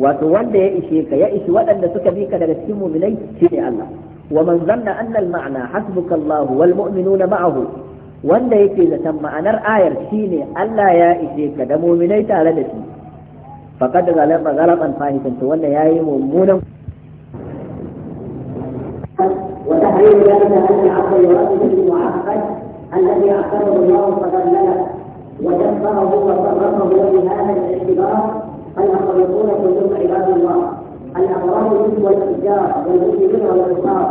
wato wanda ya ishe ka ya ishi waɗanda suka bi ka daga cikin mu'minai shine Allah wa man zanna anna al-ma'na hasbuka Allah wal mu'minuna ma'ahu wanda yake zaton ma'anar ayar shine Allah ya ishe ka da muminai tare da shi faqad zalama zalaman fahimin to wanda yayi mummunan أن العبد يؤدي المعقد الذي أعقبه الله فضلله ودبره وصرفه بهذا الاعتبار المخلوقون كلهم عباد الله الأبرار منه والتجار والمسلمين والأنصار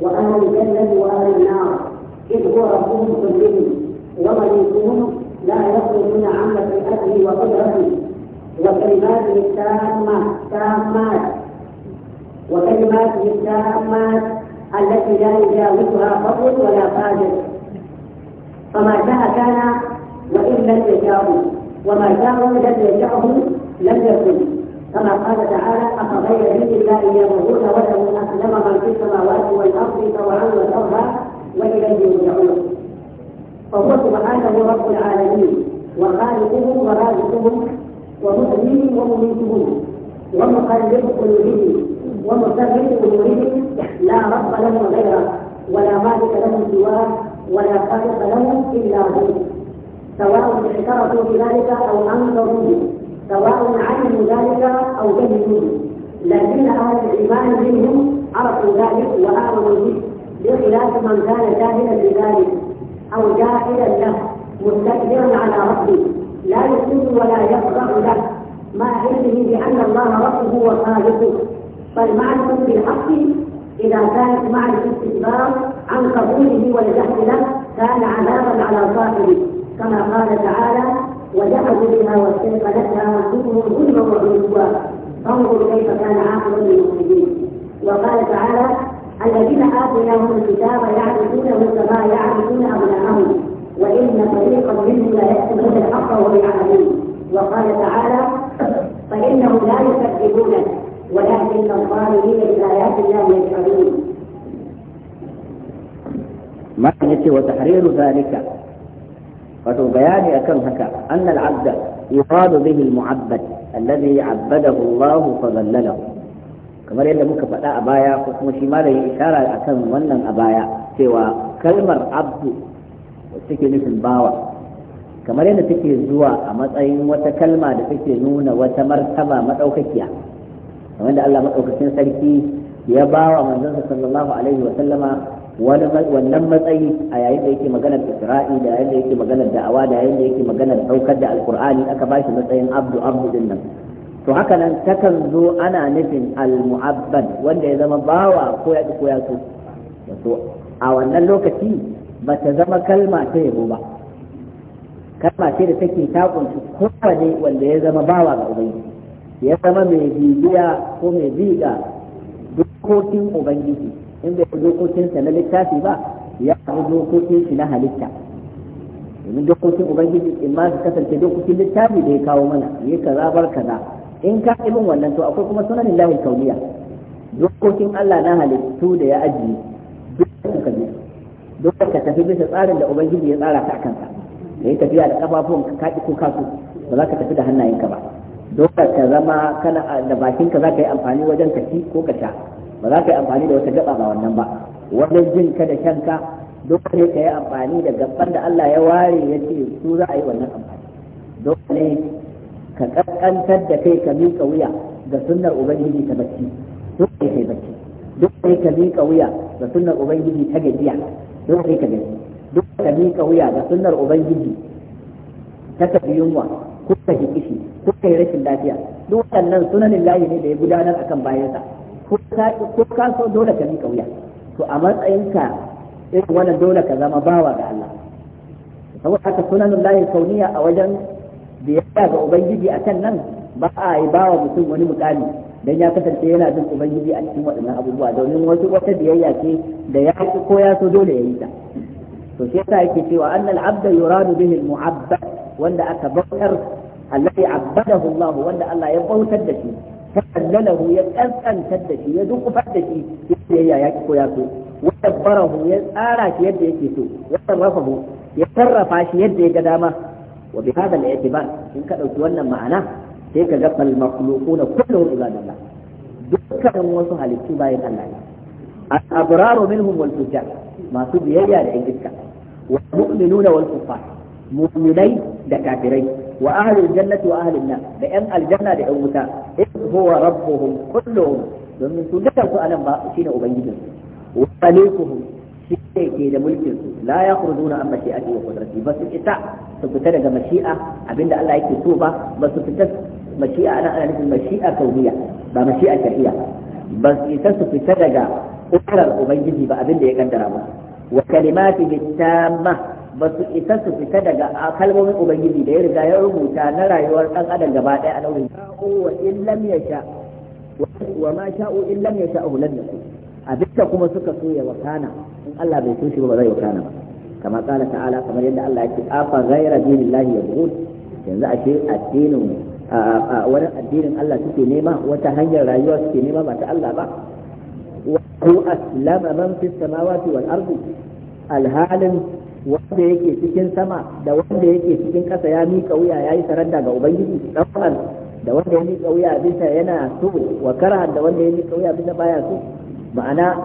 وأهل الجنة وأهل النار إذ هو ربهم كلهم ومن يكون لا يخرج من عمة أهله وقدرته وكلماته التامة تامات وكلماته التامات التي لا يجاوزها فضل ولا فاجر فما شاء كان وإن لم يشاءه وما شاء لم يشاءه لم يكن كما قال تعالى أفغير دين الله يبغون وله أسلم من في السماوات والأرض طوعا وكرها وإليه يرجعون فهو سبحانه رب العالمين وخالقهم ورازقهم ومحييهم ومميتهم ومقلب قلوبهم ومسرب قلوبهم لا رب لهم غيره ولا مالك لهم سواه ولا خالق لهم الا هو سواء اعترفوا بذلك او انكروا سواء علموا ذلك او جهلوه لكن اهل الايمان منهم عرفوا ذلك وامنوا به بخلاف من كان جاهلا بذلك او جاهلا له مستكبرا على ربه لا يسجد ولا يخضع له مع علمه بان الله ربه وخالقه فالمعرفه بالحق اذا كانت مع الاستكبار عن قبوله والجهل له كان عذابا على صاحبه كما قال تعالى وجحدوا بها واستيقنتها انفسهم ظلما وعلوا فانظر كيف كان عاقبا المؤمنين وقال تعالى الذين آتيناهم الكتاب يعرفونه كما يعرفون أبناءهم وإن فريقا منهم لا يكتبون الحق وهم يعلمون وقال تعالى فإنهم لا يكذبونك ولكن الظالمين بآيات الله يجحدون ما يتي وتحرير ذلك وبيان أكم هكا أن العبد يقال به المعبد الذي عبده الله فذلله kamar yadda muka faɗa a baya ko kuma shi malam ya a kan wannan a baya cewa kalmar abdu take nufin bawa kamar yadda take zuwa a matsayin wata kalma da take nuna wata martaba madaukakiya kamar da Allah madaukakin sarki ya bawa manzon sallallahu alaihi wa sallama wannan matsayi a yayin da yake maganar isra'i da yayin da yake maganar da'awa da yayin da yake maganar daukar da alkur'ani aka ba shi matsayin abdu abdu din nan to haka nan takan zo ana nufin al-mu'abbad wanda ya zama bawa ko ya ko ya so to a wannan lokaci ba ta zama kalma ta yabo ba kalma ce da take ta kunshi kowane wanda ya zama bawa ga ubangiji ya zama mai bibiya ko mai biga dokokin ubangiji in bai dokokinsa na littafi ba ya bi dokokin shi na halitta domin dokokin ubangiji in ma su kasance dokokin littafi da ya kawo mana ya kaza bar kaza in ka ibin min wannan to akwai kuma sunanin lahi kauniya dokokin Allah na halittu da ya ajiye dole ka bi dole ka tafi bisa tsarin da ubangiji ya tsara ka akan ka yi tafiya da kafafun ka kaɗi ko kasu ba za ka tafi da hannayenka ba dole ka zama kana da bakinka za ka yi amfani wajen ka ci ko ka sha ba za ka yi amfani da wata gaba ba wannan ba wajen jin ka da shanka ne ka yi amfani da gaban da Allah ya ware ya ce su za a yi wannan amfani ne ka kaskantar da kai ka miƙa wuya ga sunnar ubangiji ta bacci dole kai bacci ka miƙa wuya ga sunnar ubangiji ta gajiya dole ka gaji dole ka miƙa wuya ga sunnar ubangiji ta tafi ko ka ji ko ka rashin lafiya duk waɗannan sunanin layi ne da ya gudanar akan bayansa ko ka so dole ka miƙa wuya to a matsayinka irin wannan dole ka zama bawa ga Allah saboda haka sunanin layi kauniya a wajen biyayya ga ubangiji a can nan ba a yi bawa mutum wani mukami dan ya kasance yana jin ubangiji a cikin waɗannan abubuwa domin wasu wata biyayya ce da ya ko ya so dole ya yi ta to shi yasa yake cewa annal abda yuradu bihi al mu'abbad wanda aka bautar allazi abadahu Allah wanda Allah ya bautar da shi kallalahu ya kaskantar da shi ya dukufar da shi biyayya ya ko ya so wa barahu ya tsara shi yadda yake so ya sarrafahu ya sarrafa shi yadda ya ga dama wa bi hadha al-i'tibar in ka ɗauki wannan ma'ana sai ka ga fal makhluquna kulluhum ibadallah dukkan wasu halittu bayan Allah ne al-abraru minhum wal fujjar masu biyayya da iska wa mu'minuna wal kuffar mu'minai da kafirai wa ahlul jannati wa ahlun nar da aljanna da yan wuta in domin anan ba shine ubangijinsu wa shi ne ke da mulkin su la ya khurujuna amma shi ake wa qudrati ba su isa su fita daga mashi'a abinda Allah yake so ba ba su fita mashi'a ana ana nufin mashi'a kauniya ba mashi'a shar'iyya ba su isa su fita daga ƙurar ubangiji ba abinda ya kaddara ba wa kalimati bitamma ba su isa su fita daga kalmomin ubangiji da ya riga ya rubuta na rayuwar dan adam gaba daya a nauyin sha'u wa in lam yasha wa ma sha'u in yasha'u lan yakun abinda kuma suka soya ya in Allah bai so shi ba zai wakana ba kama kala ta'ala kamar yadda Allah ya ce afa ghaira dinillahi yabghun yanzu ashe addinin wani addinin Allah suke nema wata hanyar rayuwa suke nema ba ta Allah ba ko aslama man fi samawati wal ardi alhalin wanda yake cikin sama da wanda yake cikin ƙasa ya miƙa wuya ya yi saranda ga ubangiji ɗaukan da wanda ya miƙa wuya bisa yana so wa da wanda ya miƙa wuya bisa baya so ma'ana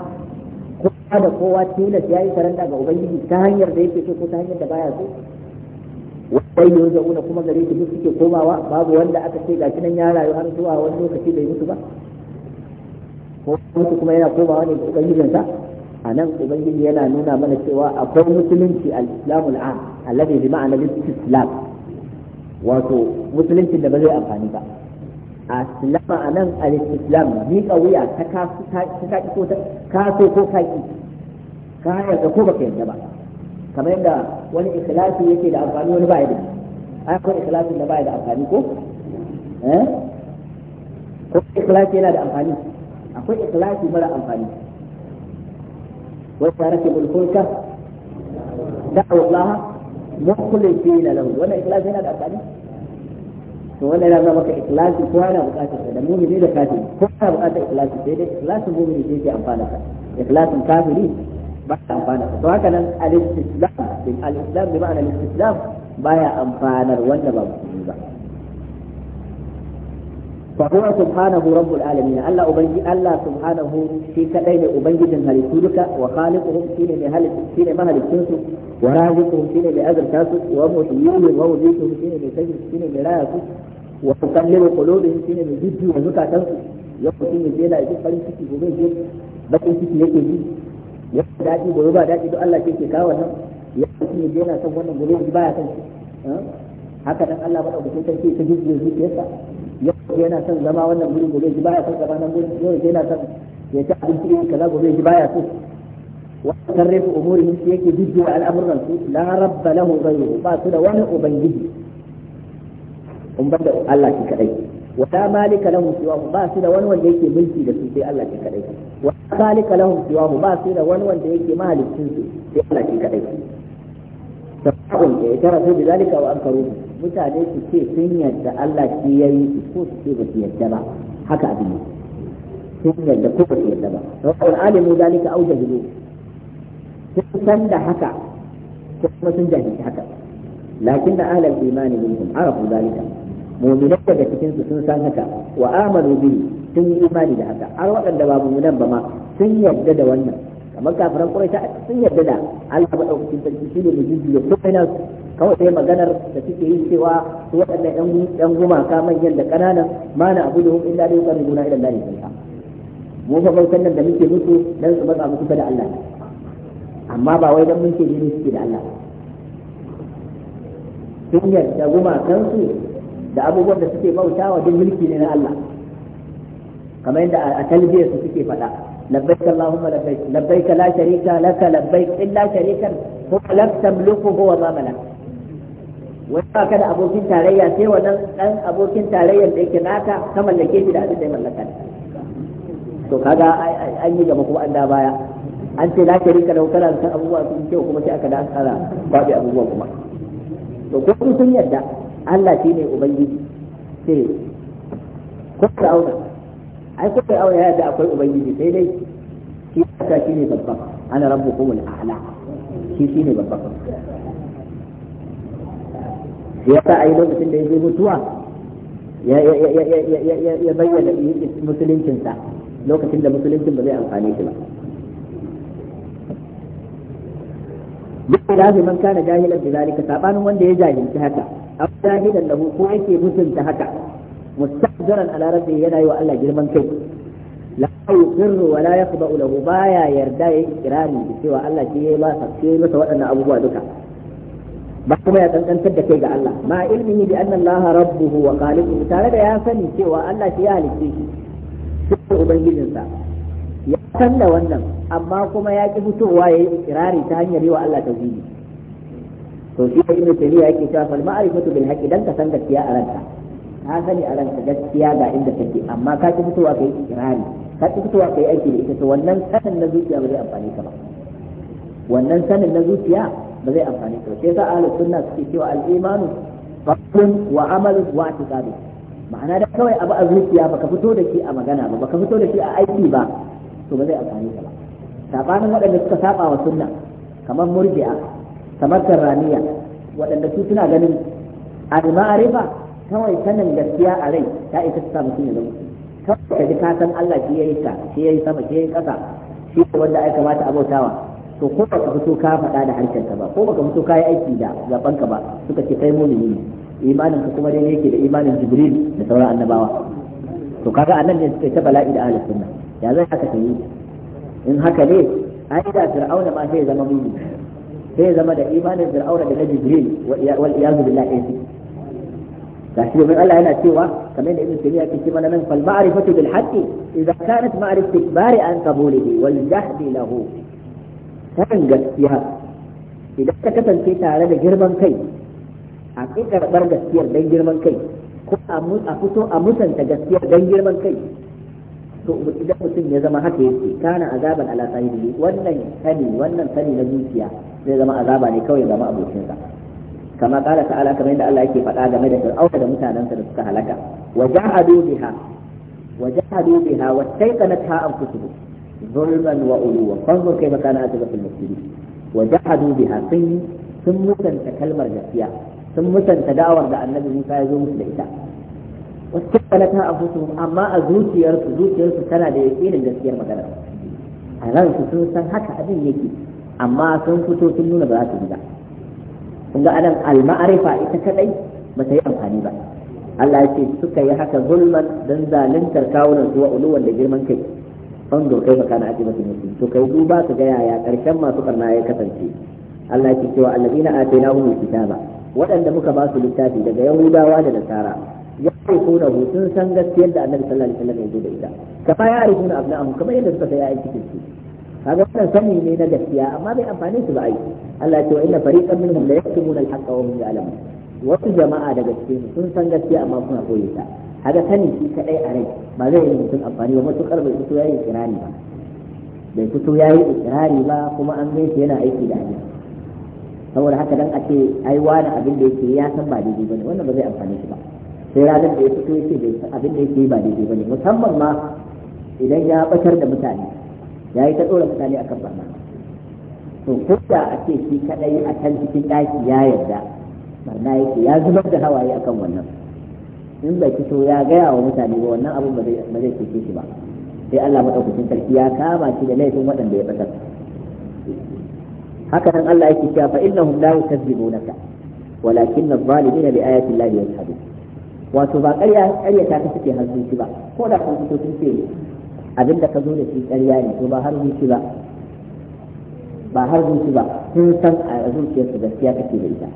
kowa da kowa tilas ya yi saranta ga ubangiji ta hanyar da yake so ko ta hanyar da baya so wai ne una kuma gare shi duk suke komawa babu wanda aka ce ga nan ya rayu har zuwa wani lokaci bai mutu ba ko mutu kuma yana komawa ne ga ubangijinsa a nan ubangiji yana nuna mana cewa akwai musulunci al-islamu al-am alladhi bi ma'ana al-islam wato musulunci da ba zai amfani ba a nan a islam ni kawiya ta ka ko ta ka so ko ka ka yarda ko baka yarda ba kamar yadda wani ikhlasi yake da amfani wani ba ya da ai ko ikhlasi da ba ya da amfani ko eh ko ikhlasi yana da amfani akwai ikhlasi mara amfani wa taraka bil fulka da'u Allah mukhlisina lahu wannan ikhlasi yana da amfani to wannan yana maka ikhlasi ko yana bukatar da mu'mini da kafiri ko yana bukatar ikhlasi sai dai ikhlasin mu'mini sai ke amfana ka ikhlasin kafiri ba ta amfana to haka nan al-istislam bil al-islam bi ma'ana al-istislam baya amfanar wanda ba mu'mini fa huwa subhanahu rabbul alamin Allah ubangi Allah subhanahu shi kadai ne ubangijin halittu duka wa khaliquhum shine ne halittu shine mahaliccin su wa raziquhum shine ne azurta su wa muhyihim wa mudituhum shine ne kashi shine ne raya su wa muqallibu qulubihim shine ne jiddu wa zukatan su yau shine je la ji farin ciki gobe je bakin ciki yake ji ya daɗi gobe ba daɗi duk Allah ke ke kawo nan ya shine je na san wannan gobe dan Allah madaukakin sarki ta jiddu zuciyarsa yau yana son zama wannan gurin gobe ji baya son zama nan gurin yau yana son ya ci abinci irin kaza gobe ji baya so wannan rufe umurin shi yake jujjuwa al'amuran su la rabba lahu ghayruhu ba su da wani ubangiji in banda Allah shi kadai wala malika lahum siwahu ba su da wani wanda yake mulki da su sai Allah shi kadai wala malika lahum siwahu ba su da wani wanda yake mahalicin su sai Allah shi kadai sab'un ya tarafu bi zalika wa ankaruhu mutane su ce sun yarda Allah shi ya yi ko su ce ba su yarda ba haka abin ne sun yarda ko ba su yarda ba wa alimu zalika au jahilu sun san da haka kuma sun jahilci haka lakin da ahlul imani sun arafu zalika mu'minai daga cikin su sun san haka wa amalu bihi sun yi imani da haka har waɗanda ba mu'minan ba ma sun yadda da wannan kamar kafiran quraisha sun yarda da Allah madaukakin sarki shine da jujjuya komai na kawai sai maganar da suke yi cewa su waɗannan yan yan gumaka manyan da ƙanana ma na abu da hum illa da yuqarribuna ila Allah ta'ala mu fa bautan nan da muke musu dan su matsa mu da Allah amma ba wai dan mun ce ne suke da Allah sun yarda gumakansu da abubuwan da suke bautawa duk mulki ne na Allah kamar yadda a talbiyar su suke faɗa لبيك اللهم لبيك لبيك لا شريك لك لبيك إلا شريكا هو لم تملكه هو ملك ka da abokin tarayya sai wannan dan abokin tarayyar da yake naka ka da abin to kaga an yi gaba kuma an da baya an ce la sharika lahu kana san abubuwa sun ce kuma sai aka da an babu abubuwa kuma to ko sun yadda Allah shine ubangiji sai ko fir'auna ai ko kai aure da akwai ubangiji sai dai shi ta shine babba ana rabbukumul a'la shi shine babba ya sa ai lokacin da yake mutuwa ya ya ya ya ya bayyana musuluncin sa lokacin da musuluncin ba zai amfane shi ba بخلاف من كان جاهلا بذلك wanda ya jahilci haka او جاهلا له ko يكي مسلم haka. mustahzaran ala rabbi yana yi wa Allah girman kai la yuqirru wa la yakhda'u lahu baya yarda yayi ikrari da cewa Allah shi ya masa masa waɗannan abubuwa duka ba kuma ya tsantantar da kai ga Allah ma ilmihi bi anna Allah wa khaliquhu tare da ya sani cewa Allah shi ya halicce shi shi ya san da wannan amma kuma ya ki fitowa yayi ikrari ta hanyar yi wa Allah tauhidi to shi ibnu tabiya yake cewa fal ma'rifatu bil haqqi dan ka san gaskiya a ka sani a ranka gaskiya ga inda take amma ka ci fitowa kai ikirari ka ci fitowa kai aiki da ita to wannan sanin na zuciya ba zai amfani ka ba wannan sanin na zuciya ba zai amfani ka ba sai sa ahlus sunna suke cewa al-imanu qaulun wa amalu wa i'tiqadu ma'ana da kawai abu a zuciya baka fito da shi a magana ba baka fito da shi a aiki ba to ba zai amfani ka ba sabanin waɗanda suka saba wa sunna kamar murji'a kamar karraniya waɗanda su suna ganin al-ma'rifa kawai sanin gaskiya a rai ta isa ta mutum ya zama kawai ka ji ka san Allah shi yayi ka shi yayi sama shi yayi kasa shi wanda ai kamata a bautawa to ko baka fito ka faɗa da harshenka ba ko baka fito ka yi aiki da ka ba suka ce kai mumini ne imanin ka kuma dai yake da imanin jibril da sauran annabawa to kaga annan ne suka ta bala'i da ahlus sunna ya zai haka ta yi in haka ne ai da fir'auna ma sai zama mumini sai zama da imanin fir'auna da na jibril wal iyadu billahi gashi domin Allah yana cewa kamar da ibn Taymiyyah ke cewa nan fal ma'rifatu bil haqqi idza kanat ma'rifatu bari an qabulihi wal jahdi lahu kan gaskiya idan ka kasance tare da girman kai a karɓar gaskiyar dan girman kai ko a fito a musanta gaskiyar dan girman kai to idan mutum ya zama haka yake kana azaban ala sahibi wannan wannan sani na zuciya zai zama azaba ne kawai ga abokinsa kama kala ala kamar yadda Allah yake faɗa game da fir'auna da mutanensa da suka halaka wa jahadu biha wa jahadu biha wa tayqanatha anfusuhum zulman wa uluwa fanzur kayfa kana azabatul mufsidin wa jahadu biha sun sun musanta kalmar gaskiya sun musanta da'awar da annabi Musa ya zo musu da ita wa tayqanatha anfusuhum amma a zuciyarsu zuciyarsu tana da yakinin gaskiyar magana a ransu sun san haka abin yake amma sun fito sun nuna ba za su kun ga anan al-ma'rifa ita kadai ba ta yi amfani ba Allah ya ce suka yi haka zulman dan zaluntar kawunan su wa uluwan da girman kai fanzur kai baka na ajibatu mutum to kai duba ka ga yaya karshen masu karna ya kasance Allah ya ce cewa alladina atainahumul kitaba waɗanda muka ba su littafi daga yahudawa da nasara ya aiko da sun san gaskiyar da annabi sallallahu alaihi wasallam ya zo da ita kama ya aiko na abna'ahu kamar yadda suka sai ya aiki cikin su kaga wannan sani ne na gaskiya amma bai amfane su ba aiki Allah ya ce wa inna fariqan minhum la yaktubuna al-haqqa wa hum ya'lamun wasu jama'a daga cikin sun san gaskiya amma suna koyi ta haka sani shi kadai a rai ba zai yi mutum amfani ba matukar bai fito yayi ikirari ba bai fito yayi ikirari ba kuma an gan shi yana aiki da abin saboda haka dan a ce ai wani abin da yake ya san ba daidai bane wannan ba zai amfani shi ba sai ranar da ya fito yake bai san abin da yake ba daidai bane musamman ma idan ya batar da mutane ya yi ta tsora mutane akan barna to ko da a ce shi kadai a can cikin daki ya yarda barna yake ya zubar da hawaye akan wannan in bai fito ya gaya wa mutane ba wannan abin ba zai cece shi ba sai Allah madaukakin sarki ya kama shi da laifin waɗanda ya batar haka nan Allah yake cewa fa innahum la yukazzibunaka walakin adh-dhalimina bi ayati llahi yajhadun wato ba ƙarya ƙarya ta ka suke har zuci ba ko da kun fito sun ce abinda ka zo da shi ƙarya ne to ba har zuci ba ba har zuci ba sun san a zuciyarsu gaskiya take da ita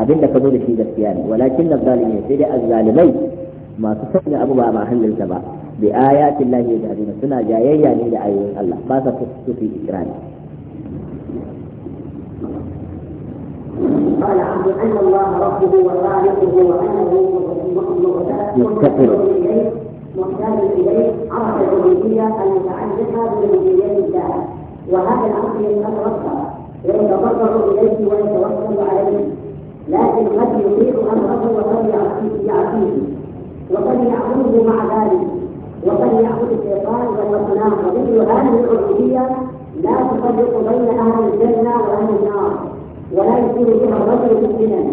abin da ka zo da shi gaskiya ne walakin na zalimi sai dai azzalimai masu sanya abu ba ma hannunsa ba bi ayatin lahi da abin suna jayayya ne da ayoyin Allah ba sa su fi ikrani قال عبد ان الله ربه وخالقه وانه مستقر محتاج اليه عرف الربوبيه المتعلقه بربوبيه الله وهذا الامر يتوقع ويتضرر اليه ويتوكل عليه لكن قد يطيع امره وقد يعصيه وقد يعبده مع ذلك وقد يعبد الشيطان والوسنام ومثل هذه العبوديه لا تفرق بين اهل الجنه واهل النار ولا يكون بها الرجل مؤمنا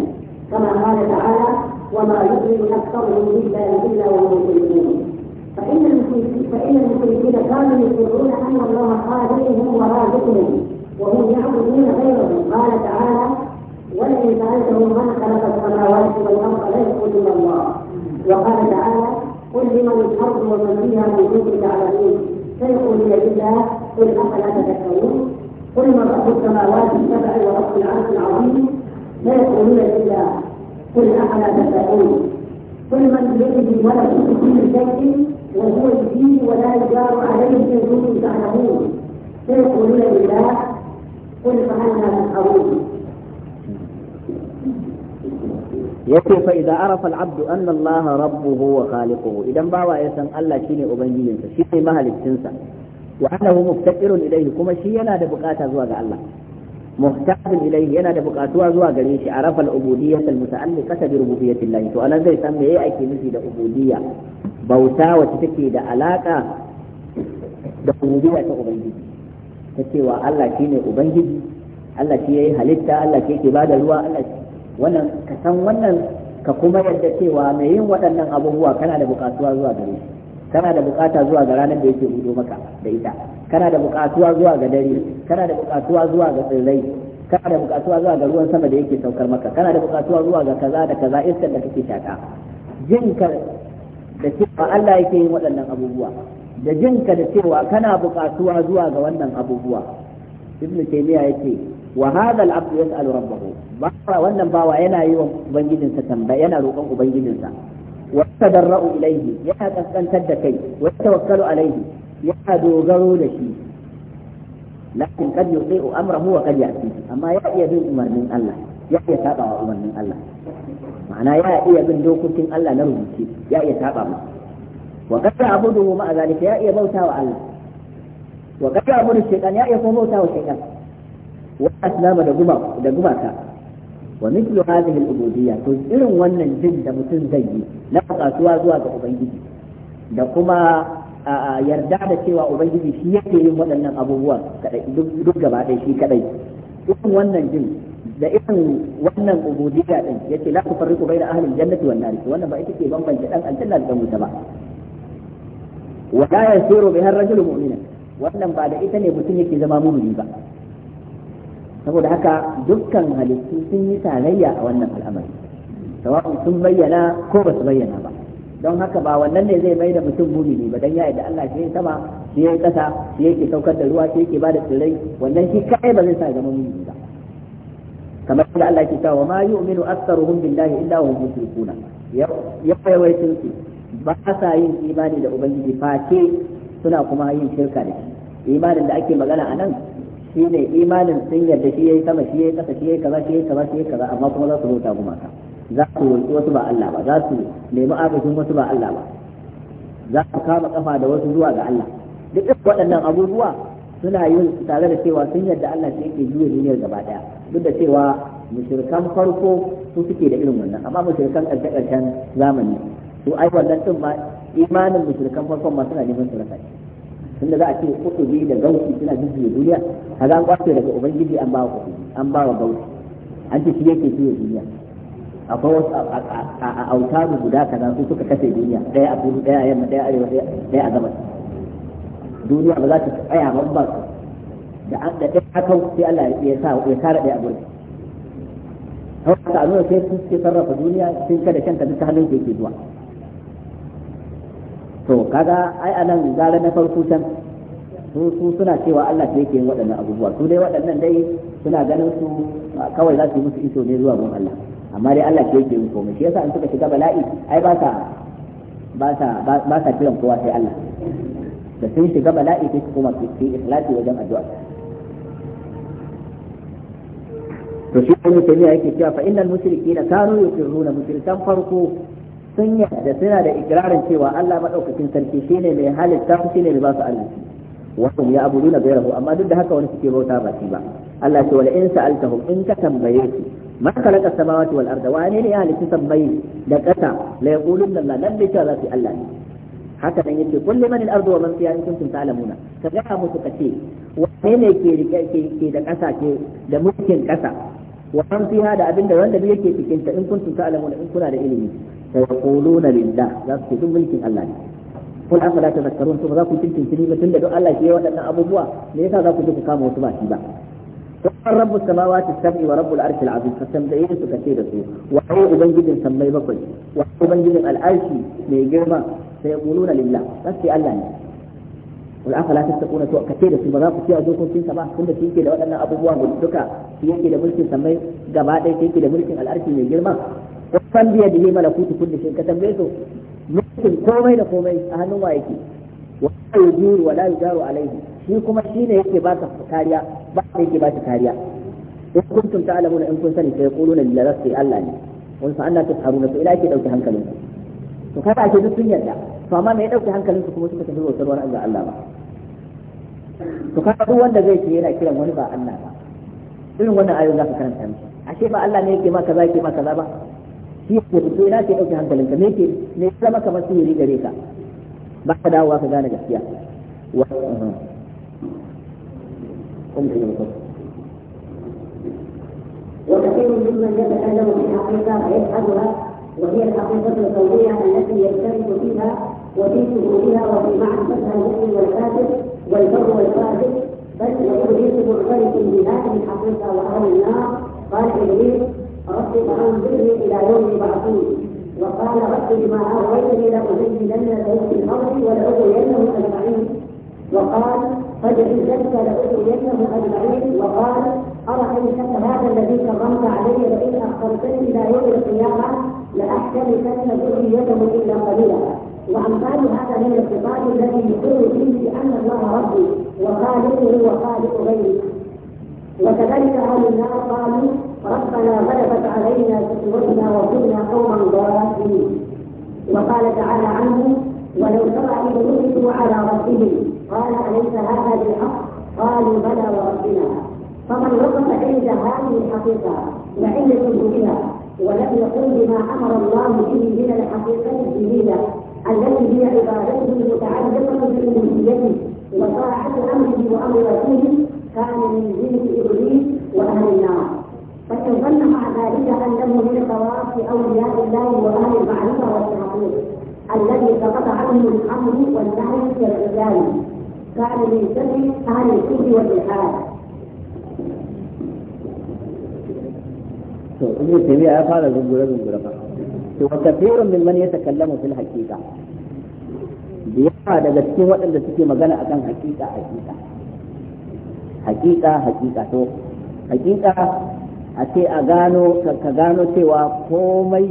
كما قال تعالى وما يؤمن اكثرهم الا الا وهم مسلمون فإن المشركين فإن المشركين كانوا يقولون أن الله خالقهم ورازقهم وهم يعبدون غيره قال تعالى ولئن سألتهم من خلق السماوات والأرض ليقول إلا الله وقال تعالى قل لمن الأرض ومن فيها من كنتم تعلمون سيقولون لله قل أفلا تذكرون قل من رب السماوات السبع ورب العرش العظيم سيقولون لله قل أفلا تتقون قل من بيده ولد كل شيء وهو الدين ولا يجار عليه دون تعلمون فيقولون لله قل فأنا تسحرون yake fa idan arafa al'abdu anna Allah rabbuhu wa khaliquhu idan bawa ya san Allah shine ubangijinsa shine mahalicinsa wa annahu muftaqirun ilayhi kuma shi yana da bukata zuwa ga Allah muhtajin ilayhi yana da bukatuwa zuwa gare shi arafa al-ubudiyyah al-muta'alliqata bi rububiyyatillah to anan zai san meye ake nufi da ubudiyya bauta wacce take da alaka da rububiyya ta ubangiji ta cewa Allah shine ubangiji Allah shi yayi halitta Allah shi yake bada ruwa Allah wannan ka san wannan ka kuma yadda cewa mai yin waɗannan abubuwa kana da bukatuwa zuwa gare shi kana da bukata zuwa ga ranar da yake hudo maka da ita kana da bukatuwa zuwa ga dare kana da bukatuwa zuwa ga tsirrai kana da bukatuwa zuwa ga ruwan sama da yake saukar maka kana da bukatuwa zuwa ga kaza da kaza iskar da kake shaka jinka da cewa Allah yake yin waɗannan abubuwa da jinka da cewa kana bukatuwa zuwa ga wannan abubuwa ibnu taymiya yake wa hadha al abdu yas'alu rabbahu ba wannan bawa yana yi wa ubangijinsa tambaya yana roƙon ubangijinsa وتضرع إليه وتتسلل تدكي وتوكل عليه وتدوغر لشي لكن قد يطيع أمره وقد يأتيه أما يأتي بأمر من الله يأتي تابع أمر من الله معنى يأتي بندوكة الله نرمشي يأتي تابع وقد يعبده مع ذلك يأتي بوتا وعلا وقد يعبد الشيطان يأتي بوتا وشيطان وأسلام دقمك wa mithlu hadhihi al-ubudiyya to irin wannan jin da mutum zai yi na kasuwa zuwa ga ubangiji da kuma yarda da cewa ubangiji shi yake yin waɗannan duk kadai irin wannan jin da irin wannan ubudiyya din yace la tufarriqu baina ahli al-jannati wan nar wannan ba ita ke bambance dan aljanna da wuta ba wa la yasiru biha ar-rajulu mu'mina wannan ba da ita ne mutum yake zama mu'mini ba saboda haka dukkan halittu sun yi tarayya a wannan al'amari sawa'un sun bayyana ko ba su bayyana ba don haka ba wannan ne zai mai da mutum mumini ba dan ya da Allah shi sama shi yi kasa shi yake saukar da ruwa shi yake ba da tsirrai wannan shi kai ba zai sa zama mumini ba kamar da Allah ke cewa ma yu'minu aktsaruhum billahi illa hum mushrikuna ya sun ce ba sa yin imani da ubangiji face suna kuma yin shirka da shi imanin da ake magana a nan shi ne imanin sun yarda shi yi sama shi yi kasa shi yi kaza shi yi kaza shi yi kaza amma kuma za su bauta gumaka za su roƙi wasu ba Allah ba za su nemi agajin wasu ba Allah ba za su kama kafa da wasu zuwa ga Allah duk waɗannan abubuwa suna yin tare da cewa sun yarda Allah shi yake juya duniyar gaba ɗaya. duk da cewa mushrikan farko su suke da irin wannan amma mushrikan ƙarshe-ƙarshen zamani su ai wannan ɗin ma imanin mushrikan farkon ma suna neman su rasa shi tunda za a ce kutubi da gauti suna jujjuya duniya kaga an kwace daga ubangiji an ba wa kutubi an ba wa gausi an ce shi yake juya duniya akwai wasu a autaru guda kaza su suka kashe duniya daya a kudu daya a yamma daya arewa daya a gabas duniya ba za ta tsaya ba ba da an da ɗaya hakan sai Allah ya sa ya kare ɗaya a gurin kawai a nuna sai sun sarrafa duniya sun kada shanka duka halin da ke zuwa to kaga ai anan gara na farko can su su suna cewa Allah ce yake yin waɗannan abubuwa su dai waɗannan dai suna ganin su kawai za su yi musu iso ne zuwa gun Allah amma dai Allah ce yake yin komai shi yasa in suka shiga bala'i ai ba sa ba sa ba sa kiran kowa sai Allah da sun shiga bala'i sai su koma su yi ikhlasi wajen addu'a to shi ibn ne yake cewa fa innal mushrikeena kanu yuqirruna musyrikan farko sun da suna da ikirarin cewa Allah madaukakin sarki shi ne mai halitta ku shine mai ba su arziki abu nuna bai ghayrahu amma duk da haka wani suke bauta ba shi ba Allah ce wala in sa'altahum in ka tambaye su ma khalaqa samawati wal arda wa ne ya halitta sammai da kasa la yaquluna la lan ta zati Allah ne haka nan yace kulli man al ardu wa man fiha in kuntum ta'lamuna ka ga musu kace wane ne ke rike ke da kasa ke da mulkin kasa wa man fiha da abinda wanda duk yake cikin ta in kuntum ta'lamuna in kuna da ilimi فيقولون لله ذاك في دم ملك الله قل أفلا تذكرون ثم ذاك كنت تنتهي مثل دعاء الله كي ودنا أبو بوا ليس ذاك كنت كام وتبا كيبا رب السماوات السبع ورب العرش العظيم فسمدين كثير سوء وهو أبنجد سمي بقل وهو أبنجد العرش ميجرما سيقولون لله ذاك في الله wal afala tattaquna to kace da su ba za ku ci a dokokin sa ba tunda shi yake da waɗannan abubuwa duka shi yake da mulkin samai gaba ɗaya shi yake da mulkin al'arshi mai girma wasan biya da malakutu kulli shay ka tambaye su mutum komai da komai a hannun wa yake wa la yujiru wa la yujaru alaihi shi kuma shi ne yake ba ka kariya ba ne yake ba ka kariya in kuntum ta'lamuna in kun sani sai yaquluna lil rasi Allah ne wani sa'an na tasharuna to ila yake dauki hankalin to kada ake duk sun yarda to amma me ya dauke hankalin kuma suka tafi bautar wani Allah Allah ba to kaga duk wanda zai ce yana kiran wani ba Allah ba irin wannan ayoyin za ka karanta ne, ashe ba Allah ne yake ma kaza maka zaba shi ko na ce aikin hankalinka me ke me zama kamar sihiri gare ka ba ka dawowa ka gane gaskiya وكثير ممن يتكلم في الحقيقه فيبحثها وهي الحقيقه القوليه التي يشترك فيها وفي شهودها وفي معرفتها المؤمن والكافر والبر والفاسد بل يقول يوسف بهذه الحقيقه واهل النار قال ابليس رب فانظرني الى يوم يبعثون وقال رب بما اغويتني لازينن لهم في الارض ولاغوينهم اجمعين وقال قد عزتك لاغوينهم اجمعين وقال ارايتك هذا الذي كرمت علي لئن اخرتني الى يوم القيامه لاحتملن ذريته الا قليلا وامثال هذا من الخطاب الذي يقول فيه بان الله ربي وخالقه وخالق غيري وكذلك اهل النار قالوا ربنا غلبت علينا فتنتنا وكنا قوما ضالين وقال تعالى عنه ولو ترى اذ نزلوا على ربهم قال اليس هذا بالحق قالوا بلى وربنا فمن وقف عند هذه الحقيقه وعند وجودها ولم يقل بما امر الله به من الحقيقه الجديده التي هي عبادته المتعلقه بالالوهيه وطاعه امره وامر رسوله كان من جنس ابليس واهل النار فقد ظن مع ذلك انه من خواص اولياء الله واهل المعرفه والتعظيم الذي سقط عنه الامر والنهي في الرجال كان من سر اهل الكفر والالحاد وكثير من من يتكلم في الحقيقة بيعاد لكي وقت لكي مغانا أكان حقيقة حقيقة حقيقة حقيقة حقيقة a ce a gano ka gano cewa komai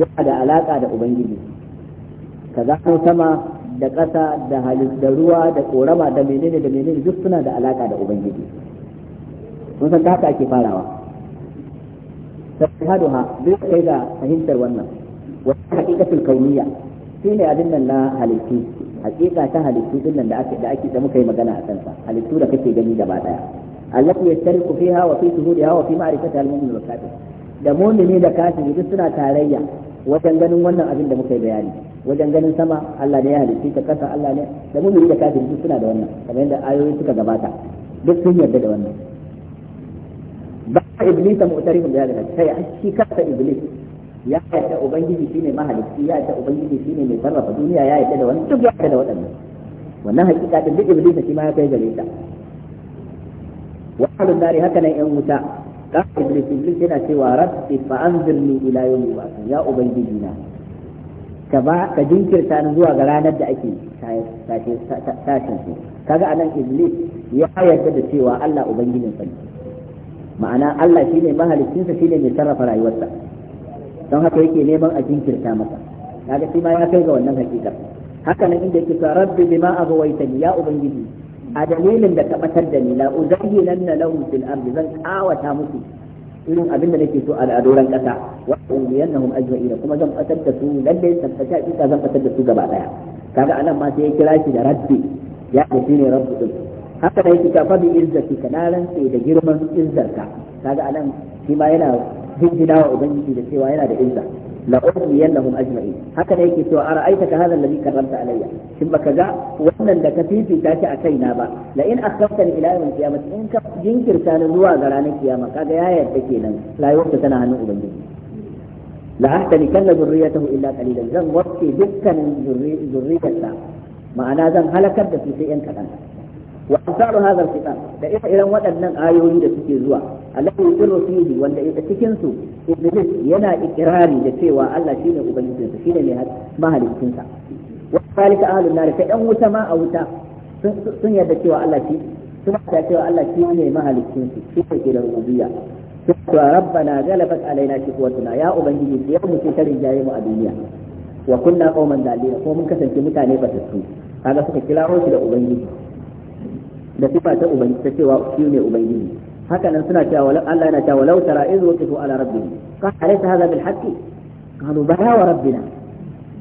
yana da alaƙa da ubangiji ka gano sama da ƙasa da halis da ruwa da ƙorama da menene da menene duk suna da alaƙa da ubangiji Sun san haka ake farawa sai ha, duk kai ga fahimtar wannan wata haƙiƙatul shi ne abin nan na halittu haƙiƙa ta halittu din nan da ake da ake da muka yi magana a kansa halittu da kake gani gaba daya التي يشترك فيها وفي شهودها وفي معرفتها المؤمن والكافر da mumini da kafiri duk suna tarayya wajen ganin wannan abin da muka yi bayani wajen ganin sama Allah ne ya halitta ta kasa Allah ne da mumini da kafiri duk suna da wannan kamar yadda ayoyi suka gabata duk sun yarda da wannan ba iblis mu'tarifun da hada sai an shi kasa iblis ya yarda ubangiji shine mahalicci ya yarda ubangiji shine mai sarrafa duniya ya yarda da wannan duk ya yarda da waɗannan wannan hakika din duk iblis shi ma ya kai gare ta wa ahlun nari haka nan yan wuta ka iblis iblis yana cewa rabbi fa anzirni ila yawmi ba'ath ya ubangiji na ka ba ka jinkirta ni zuwa ga ranar da ake tashin su kaga anan iblis ya yarda da cewa Allah ubangijin sa ma'ana Allah shine sa shine mai sarrafa rayuwarsa don haka yake neman a jinkirta masa kaga shi ma ya kai ga wannan hakika haka nan inda yake cewa rabbi bima abawaitani ya ubangiji a dalilin da ka batar da ni la uzayyinan lahum fil ardi zan kawata musu irin abin da nake so a al'adoran kasa wa ummiyannahum ajma'ina kuma zan batar da su lalle tabbata hakika zan batar da su gaba daya kaga anan ma sai ya kira shi da rabbi ya ce shine rabbu din haka dai, kika kafa bi izzati ka na rantse da girman izzarka kaga anan shi ma yana jinjina wa ubangiji da cewa yana da izza la uhdiyannahum ajma'in haka ne yake cewa ara'aita ka hadha alladhi karramta alayya shin baka ga wannan da ka fifita a kai na ba la in akhrajtani ila yawm in ka jinkirta na zuwa ga ranar kiyama kaga ya yadda kenan rayuwar tana hannun ubangiji la ahtanikanna zurriyatahu illa qalilan zan wacce dukkanin zurriyarsa ma'ana zan halakar da su sai yan wa amsalu hadha alkitab da ire iren waɗannan ayoyi da suke zuwa allahu yusirru fihi wanda ita cikin su yana ikirari da cewa Allah shine ubangijinsa shine mai mahalicinsa wa zalika ahlun nar fa yan wuta ma a wuta sun yarda cewa Allah shi sun ta cewa shi ne mahalicin su shi ne ke da rububiyya to rabbana galabat alaina shiqwatuna ya ubangiji sai mu ce tarin jaye mu a duniya wa kunna qauman dalila ko mun kasance mutane batattu kaga suka kirawo shi da ubangiji da sifa ta ubangiji ta cewa shi ne ubangiji haka nan suna cewa Allah yana cewa law tara iz waqifu ala rabbih qala alaysa hadha bil haqqi qalu bala wa rabbina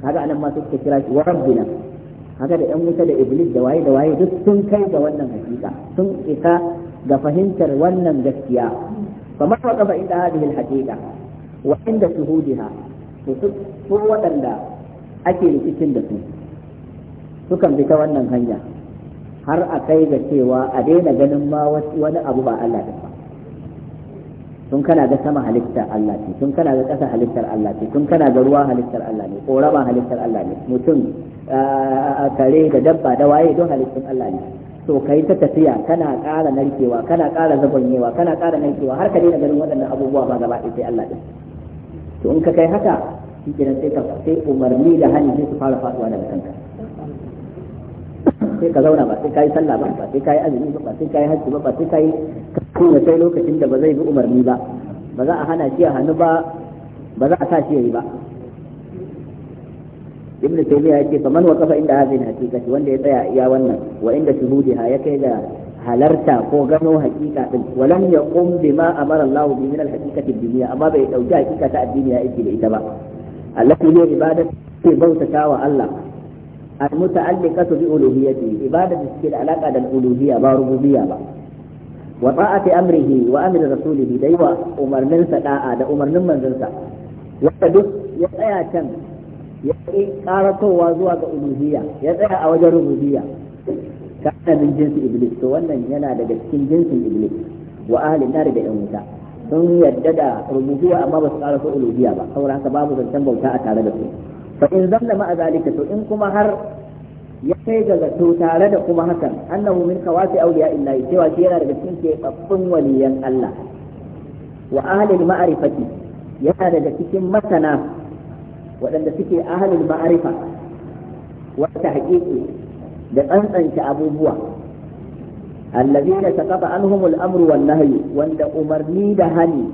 kaga anan ma suka kira shi wa rabbina haka da yan wuta da iblis da waye da waye duk sun kai ga wannan hakika sun isa ga fahimtar wannan gaskiya Wa فما وقف عند هذه الحقيقة وعند شهودها وسوء ودن su في bi ta wannan hanya. har a kai ga cewa a daina ganin ma wani abu ba Allah da ba tun kana ga sama halittar Allah ce tun kana ga ƙasa halittar Allah ce tun kana ga ruwa halittar Allah ne Ƙoraba halittar Allah ne mutum kare da dabba da waye don halittun Allah ne to kai ta tafiya kana ƙara narkewa kana ƙara zabanyewa kana ƙara narkewa har ka daina ganin waɗannan abubuwa ba gaba ɗaya sai Allah ɗin to in ka kai haka shi sai ka sai umarni da hannu sai su fara faɗuwa daga kanka sai ka zauna ba sai kai sallah ba ba sai kai azumi ba ba sai kai hajji ba ba sai kai kuma sai lokacin da ba zai bi umarni ba ba za a hana shi a hannu ba ba za a sa shi yayi ba ibnu taymiya yake fa man wa waqafa inda hadhihi haqiqati wanda ya tsaya iya wannan wa inda shuhudiha ya kai da halarta ko gano hakika din walam yaqum bima amara Allah bi min al ad-dunya amma bai dauki haqiqa ta addini ya yake da ita ba allati ne ibadatu bautata wa Allah المتعلقة بألوهيته عبادة تسكيل علاقة الألوهية با ربوبية با وطاعة أمره وأمر رسوله ديوا أمر ننسى داعا دا أمر نمن ننسى وتدس يتأيى كم يتأيى كارتو وازوا بألوهية يتأيى أوجه ربوبية كان من جنس إبليس وانا ينا دا جنس إبليس وأهل النار بأموتا sun yadda da rububiya amma ba su ƙara su ulubiya ba saboda haka babu zancen bauta a tare da su fa in zamna ma'a to in kuma har ya kai ga zato tare da kuma hakan annahu min kawasi awliya illahi cewa shi yana daga cikin keɓaɓɓun waliyan Allah wa ahlil ma'rifati yana daga cikin masana waɗanda suke ahlil ma'rifa wata haƙiƙi da tsantsanta abubuwa allazina taqata anhumul amru wan nahyi wanda umarni da hali.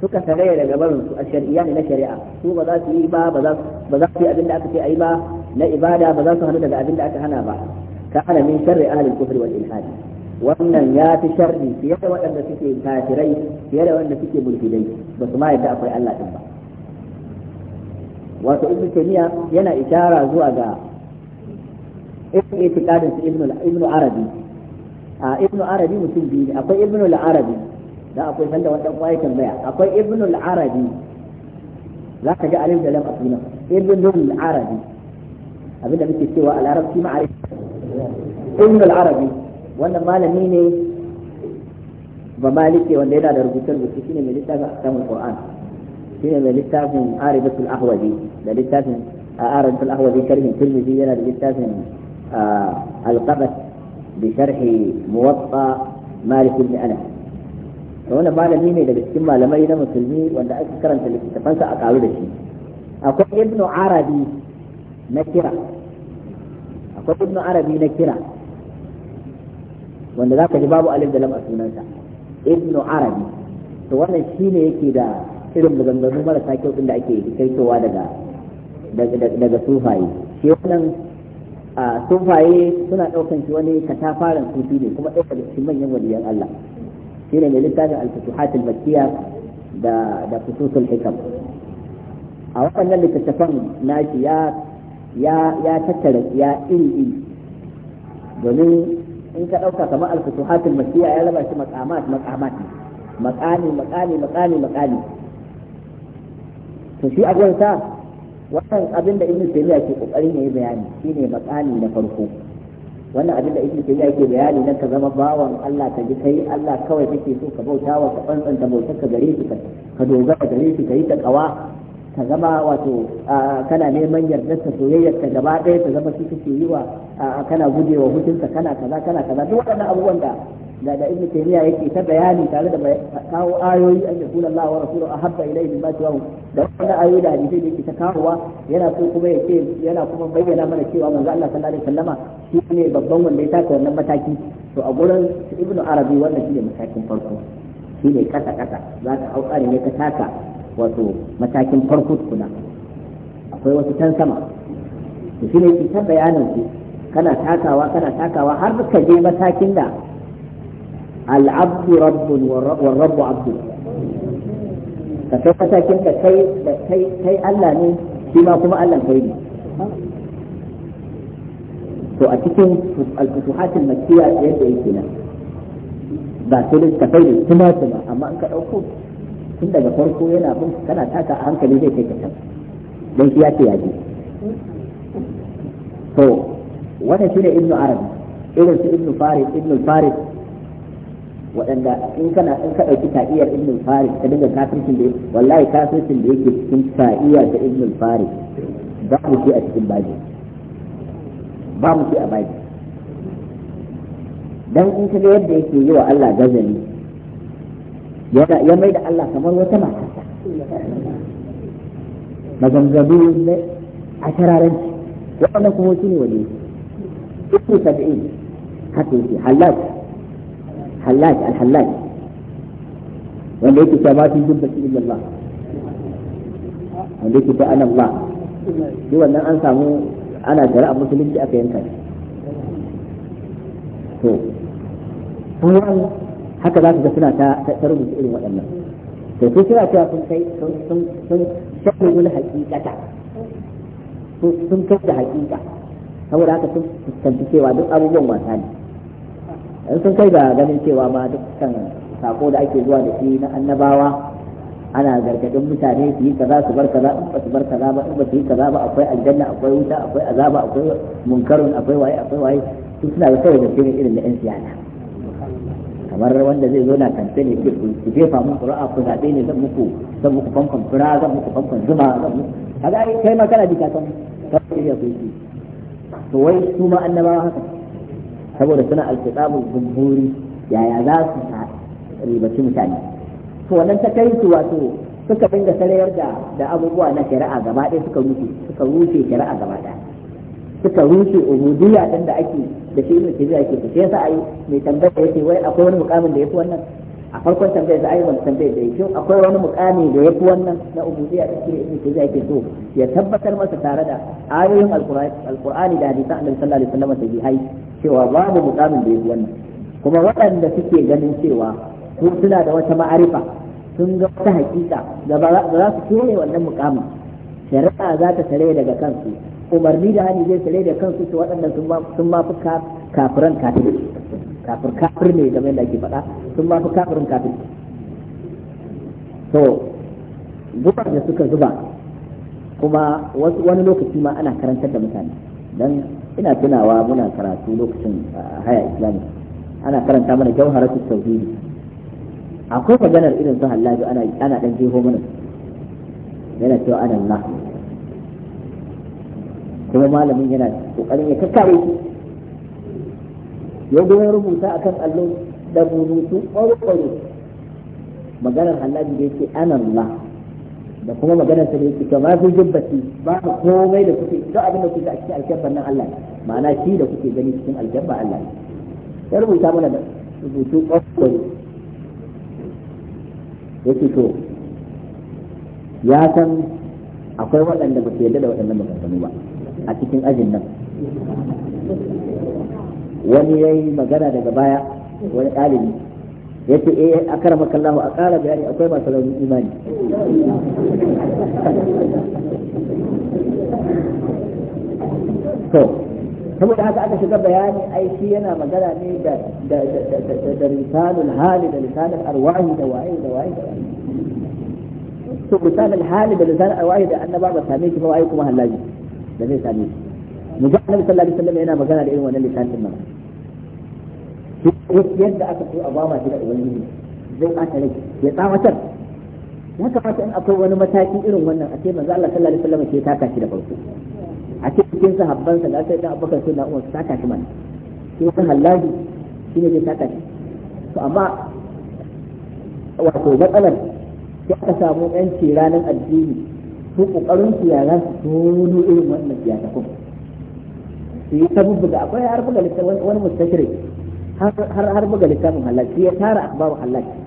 suka tagaya daga barin su a shari'a ne na shari'a su ba za su yi ba ba za su yi abin da aka ce a yi ba na ibada ba za su hannu daga abin da aka hana ba ka hana min sharri ahalin kufri wal ilhadi wannan ya fi sharri fiye da waɗanda suke kafirai fiye da waɗanda suke mulkidai ba su ma yadda akwai Allah din ba wato ibn taymiya yana ishara zuwa ga ibn itiqadin ibn ibn arabi a ibn arabi mutum biyu akwai ibn al-arabi da akwai sanda wata kwaye tambaya akwai ibn al-arabi za ka ga alif da lam asuna ibn al-arabi abinda muke cewa al-arabci ma'arif ibn al-arabi wannan malami ne ba malike wanda yana da rubutar rubutu shine mai littafin ahkamul qur'an shine mai littafin aridatul ahwazi da littafin aridatul ahwazi sharhin tirmidhi yana da littafin al-qabas بشرح موطأ مالك بن أنس da wani malami ne daga cikin malamai na musulmi wanda ake karanta littattafansa a karu da shi akwai ibnu arabi na kira akwai ibnu arabi na kira wanda za ka ji babu alif da lam a sunansa ibnu arabi to wannan shine yake da irin maganganu marasa kyau din da ake kaitowa daga daga sufaye shi wannan sufaye suna daukan shi wani katafaren sufi ne kuma ɗaukar shi manyan waliyan Allah shine mai littafin al-futuhat al-makkiyya da da fususul hikam a waɗannan littattafan nashi ya ya ya tattara ya iri iri domin in ka ɗauka kamar al-futuhat al-makkiyya ya raba shi maqamat maqamat maqami maqami maqami maqami to shi a sa wannan abin da ibn taymiya ke kokarin yi bayani shine maqami na farko wannan abin da ibnu tayyiba yake bayani na ka zama bawan Allah ka ji kai Allah kawai kake so ka bauta wa ka tsantsanta bautar ka gare shi ka dogara gare shi ka yi takawa ka zama wato kana neman yardar ta soyayyar ka gaba ɗaya ta zama shi kake yi wa kana gujewa hutunsa kana kaza kana kaza duk waɗannan abubuwan da da da ibnu taymiya yake ta bayani tare da kawo ayoyi an yakun Allah wa rasuluhu ahabba ilayhi mimma tawu da wannan ayoyi da hadisi yake ta kawowa yana so kuma yake yana kuma bayyana mana cewa manzo Allah sallallahu alaihi wasallama ne babban wanda ya taka wannan mataki to a gurin ibnu arabi wannan shine matakin farko shine kasa kasa za ka hau tsari ne ka taka wato matakin farko kuna akwai wasu can sama to shine ki ta bayanin shi kana takawa kana takawa har ka je matakin da al'abdu rabbun wa rabbu abdu ka kai da kai Allah ne shi kuma Allah kai ne to a cikin al-futuhatul makkiya yadda yake nan ba sai da kai da tuma amma an ka dauko tun daga farko yana bin kana a hankali zai kai ka can don to shine ibnu ibnu waɗanda in kana in ka ɗauki ta'iyar ibn farid ka dinga kafircin da wallahi kafircin da yake cikin ta'iyar da ibn farid ba mu ke a cikin baji ba mu ce a baji dan in ka ga yadda yake yi wa Allah gazali ya mai da Allah kamar wata mata maganganu ne a tararanci waɗannan kuma su ne wani 70 haka yake halal الحلاج الحلاج hallaj wanda yake cewa ma الله jubbati illa Allah wanda yake ta ana Allah shi wannan an samu ana musulunci aka yanka haka za ka ga suna ta rubuta irin waɗannan to su suna cewa sun kai sun sun sun kai da saboda haka sun fuskanci cewa duk abubuwan wasa ne in sun kai ga ganin cewa ma dukkan sako da ake zuwa da shi na annabawa ana gargadin mutane su yi kaza su bar kaza in ba su bar kaza ba in ba su yi kaza ba akwai aljanna akwai wuta akwai azaba akwai munkarun akwai waye akwai waye su suna da kawai da cikin irin na yan siyasa kamar wanda zai zo na kanta ne ke ku jefa mun qur'a ku zabe ne zan muku zan muku fankan fura zan muku fankan zuma zan muku kaga kai ma kana ji ka kai kawai ya ku to wai su ma annabawa haka saboda suna alkitabul jumhuri yaya za su ribaci mutane to wannan ta kai su wato suka dinga sarayar da da abubuwa na shari'a gaba ɗaya suka rufe suka rufe shari'a gaba ɗaya suka rufe ubudiyya din da ake da shi ne ke ake to sai yasa ai mai tambaya yake wai akwai wani mukamin da yafi wannan a farkon tambayar da ayyukan tambayar da yake akwai wani mukami da ya fi wannan na ubudiyya da shi ke zai yake so ya tabbatar masa tare da ayoyin alkur'ani da hadisan annabi sallallahu alaihi wasallam hai cewa babu mukamin da ya fi wannan kuma waɗanda suke ganin cewa ko suna da wata ma'arifa sun ga wata hakika da ba za su kore wannan mukamin shari'a za ta tare daga kansu umarni da hani zai tare da kansu su waɗanda sun ma fi kafiran kafin kafir kafir ne game da ake faɗa sun ma fi kafirin kafir to zuba da suka zuba kuma wasu wani lokaci ma ana karantar da mutane dan ina tunawa muna karatu lokacin haya islami ana karanta mana jawharatu tauhidi akwai maganar irin su hallabi ana ana dan jeho mana yana cewa ana Allah kuma malamin yana kokarin ya kakkare ya goyon rubuta akan allo da rubutu ƙwarƙwaro maganar halaji da yake an Allah da kuma maganar sa da yake kama fi jibbati ba komai da kuke duk abin da kuke a cikin alkyabban nan Allah ma'ana shi da kuke gani cikin alkyabba Allah ya rubuta mana da rubutu ƙwarƙwaro yake to ya san akwai waɗanda ba su yarda da waɗannan maganganu ba a cikin ajin nan wani ya yi magana daga baya wani ɗalibi ya ce eh a kara makallahu a ƙara bayani akwai masu raunin imani to saboda haka aka shiga bayani ai shi yana magana ne da da da lisanul hali da lisanul arwahi da waye da waye da waye to lisanul hali da lisanul arwahi da annaba ba same shi ba wai kuma halaji da zai same shi mu ga annabi sallallahu alaihi wasallam yana magana da irin wannan littafin nan duk yadda aka so a bama shi da ubangiji zai ɓata rai ya tsawatar ya kamata in akwai wani mataki irin wannan a ce manzo Allah sallallahu alaihi wasallam ke taka shi da farko a ce cikin sahabban sa da sai da abubakar sai na umar su taka shi mana shi wani hallaji shi ne zai taka shi to amma wato matsalar sai aka samu yanci ranar addini su kokarin su yara su tono irin wannan siyasa kuma yi ta bubbuga akwai har buga littafin wani mustashire har har buga littafin halaki ya tara akbaru halaki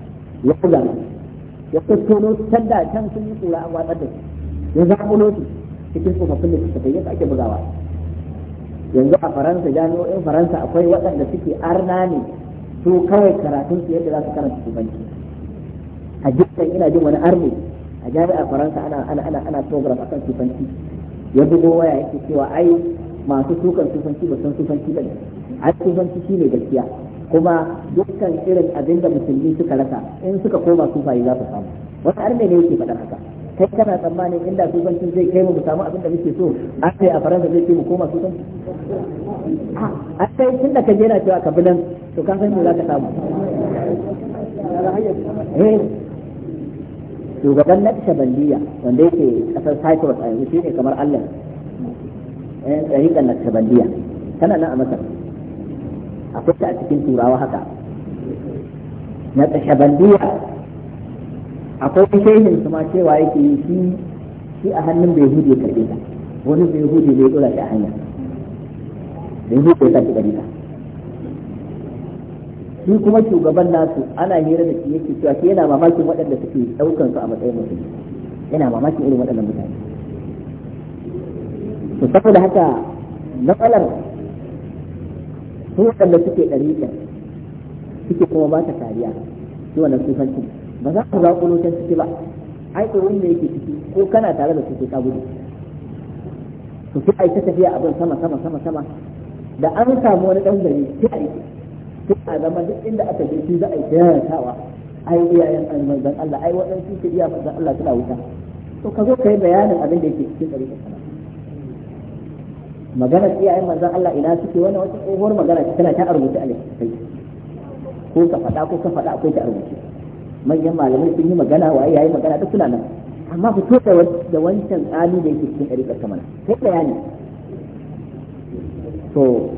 ya buga ya tattolo can da can sun yi tsura an watsar da su ya zaɓulo su cikin tsofaffin littattafai yadda ake bugawa yanzu a faransa jami'o'in faransa akwai waɗanda suke arna ne su kawai karatun su yadda za su karanta tubanci a jikin ina jin wani arni a jami'ar faransa ana ana ana ana program akan tubanci ya bugo waya yake cewa ai masu tukan sufanci ba san sufanci ba ne ai sufanci ne gaskiya kuma dukkan irin abin da musulmi suka rasa in suka koma sufaye za su samu wani arme ne yake faɗar haka kai kana tsammanin inda sufancin zai kai mu samu abin da muke so a sai a faransa zai ce mu koma sufanci a sai tun da ka jera cewa bi nan to ka san me za ka samu eh. shugaban na shabandiya wanda yake kasar cyprus a yanzu shine kamar allah Eh, ɗariƙar ɗariƙan naksabandiya tana nan a masar a ta a cikin turawa haka na naksabandiya akwai shehin kuma cewa yake yi shi shi a hannun bai hude karɓe ta wani bai hude bai ɗora shi a hanya bai hude ya tafi ta shi kuma shugaban nasu ana hira da shi yake cewa shi yana mamakin waɗanda suke ɗaukansu su a matsayin musulmi yana mamakin irin waɗannan mutane to saboda haka matsalar su waɗanda suke ɗari ɗariƙa suke kuma ba ta kariya shi wannan sufanci ba za ku zaƙo lokacin ciki ba ai ko wanda yake ciki ko kana tare da su sai ka gudu to sai ai tafiya abin sama sama sama sama da an samu wani ɗan gari sai a yi sai a zama duk inda aka je shi za a yi tayatawa ai iyayen manzon Allah ai waɗansu ke iya manzon Allah suna wuta to ka zo ka yi bayanin abin da yake cikin ɗariƙa magana iyayen manzon Allah ina suke wannan wata tsohuwar magana ce tana ta rubuce a littattafai ko ka faɗa ko ka faɗa akwai ta rubuce manyan malamai sun yi magana waye yayi magana duk suna nan amma ku fito da wancan tsali da yake cikin ɗariƙar ta mana sai bayani to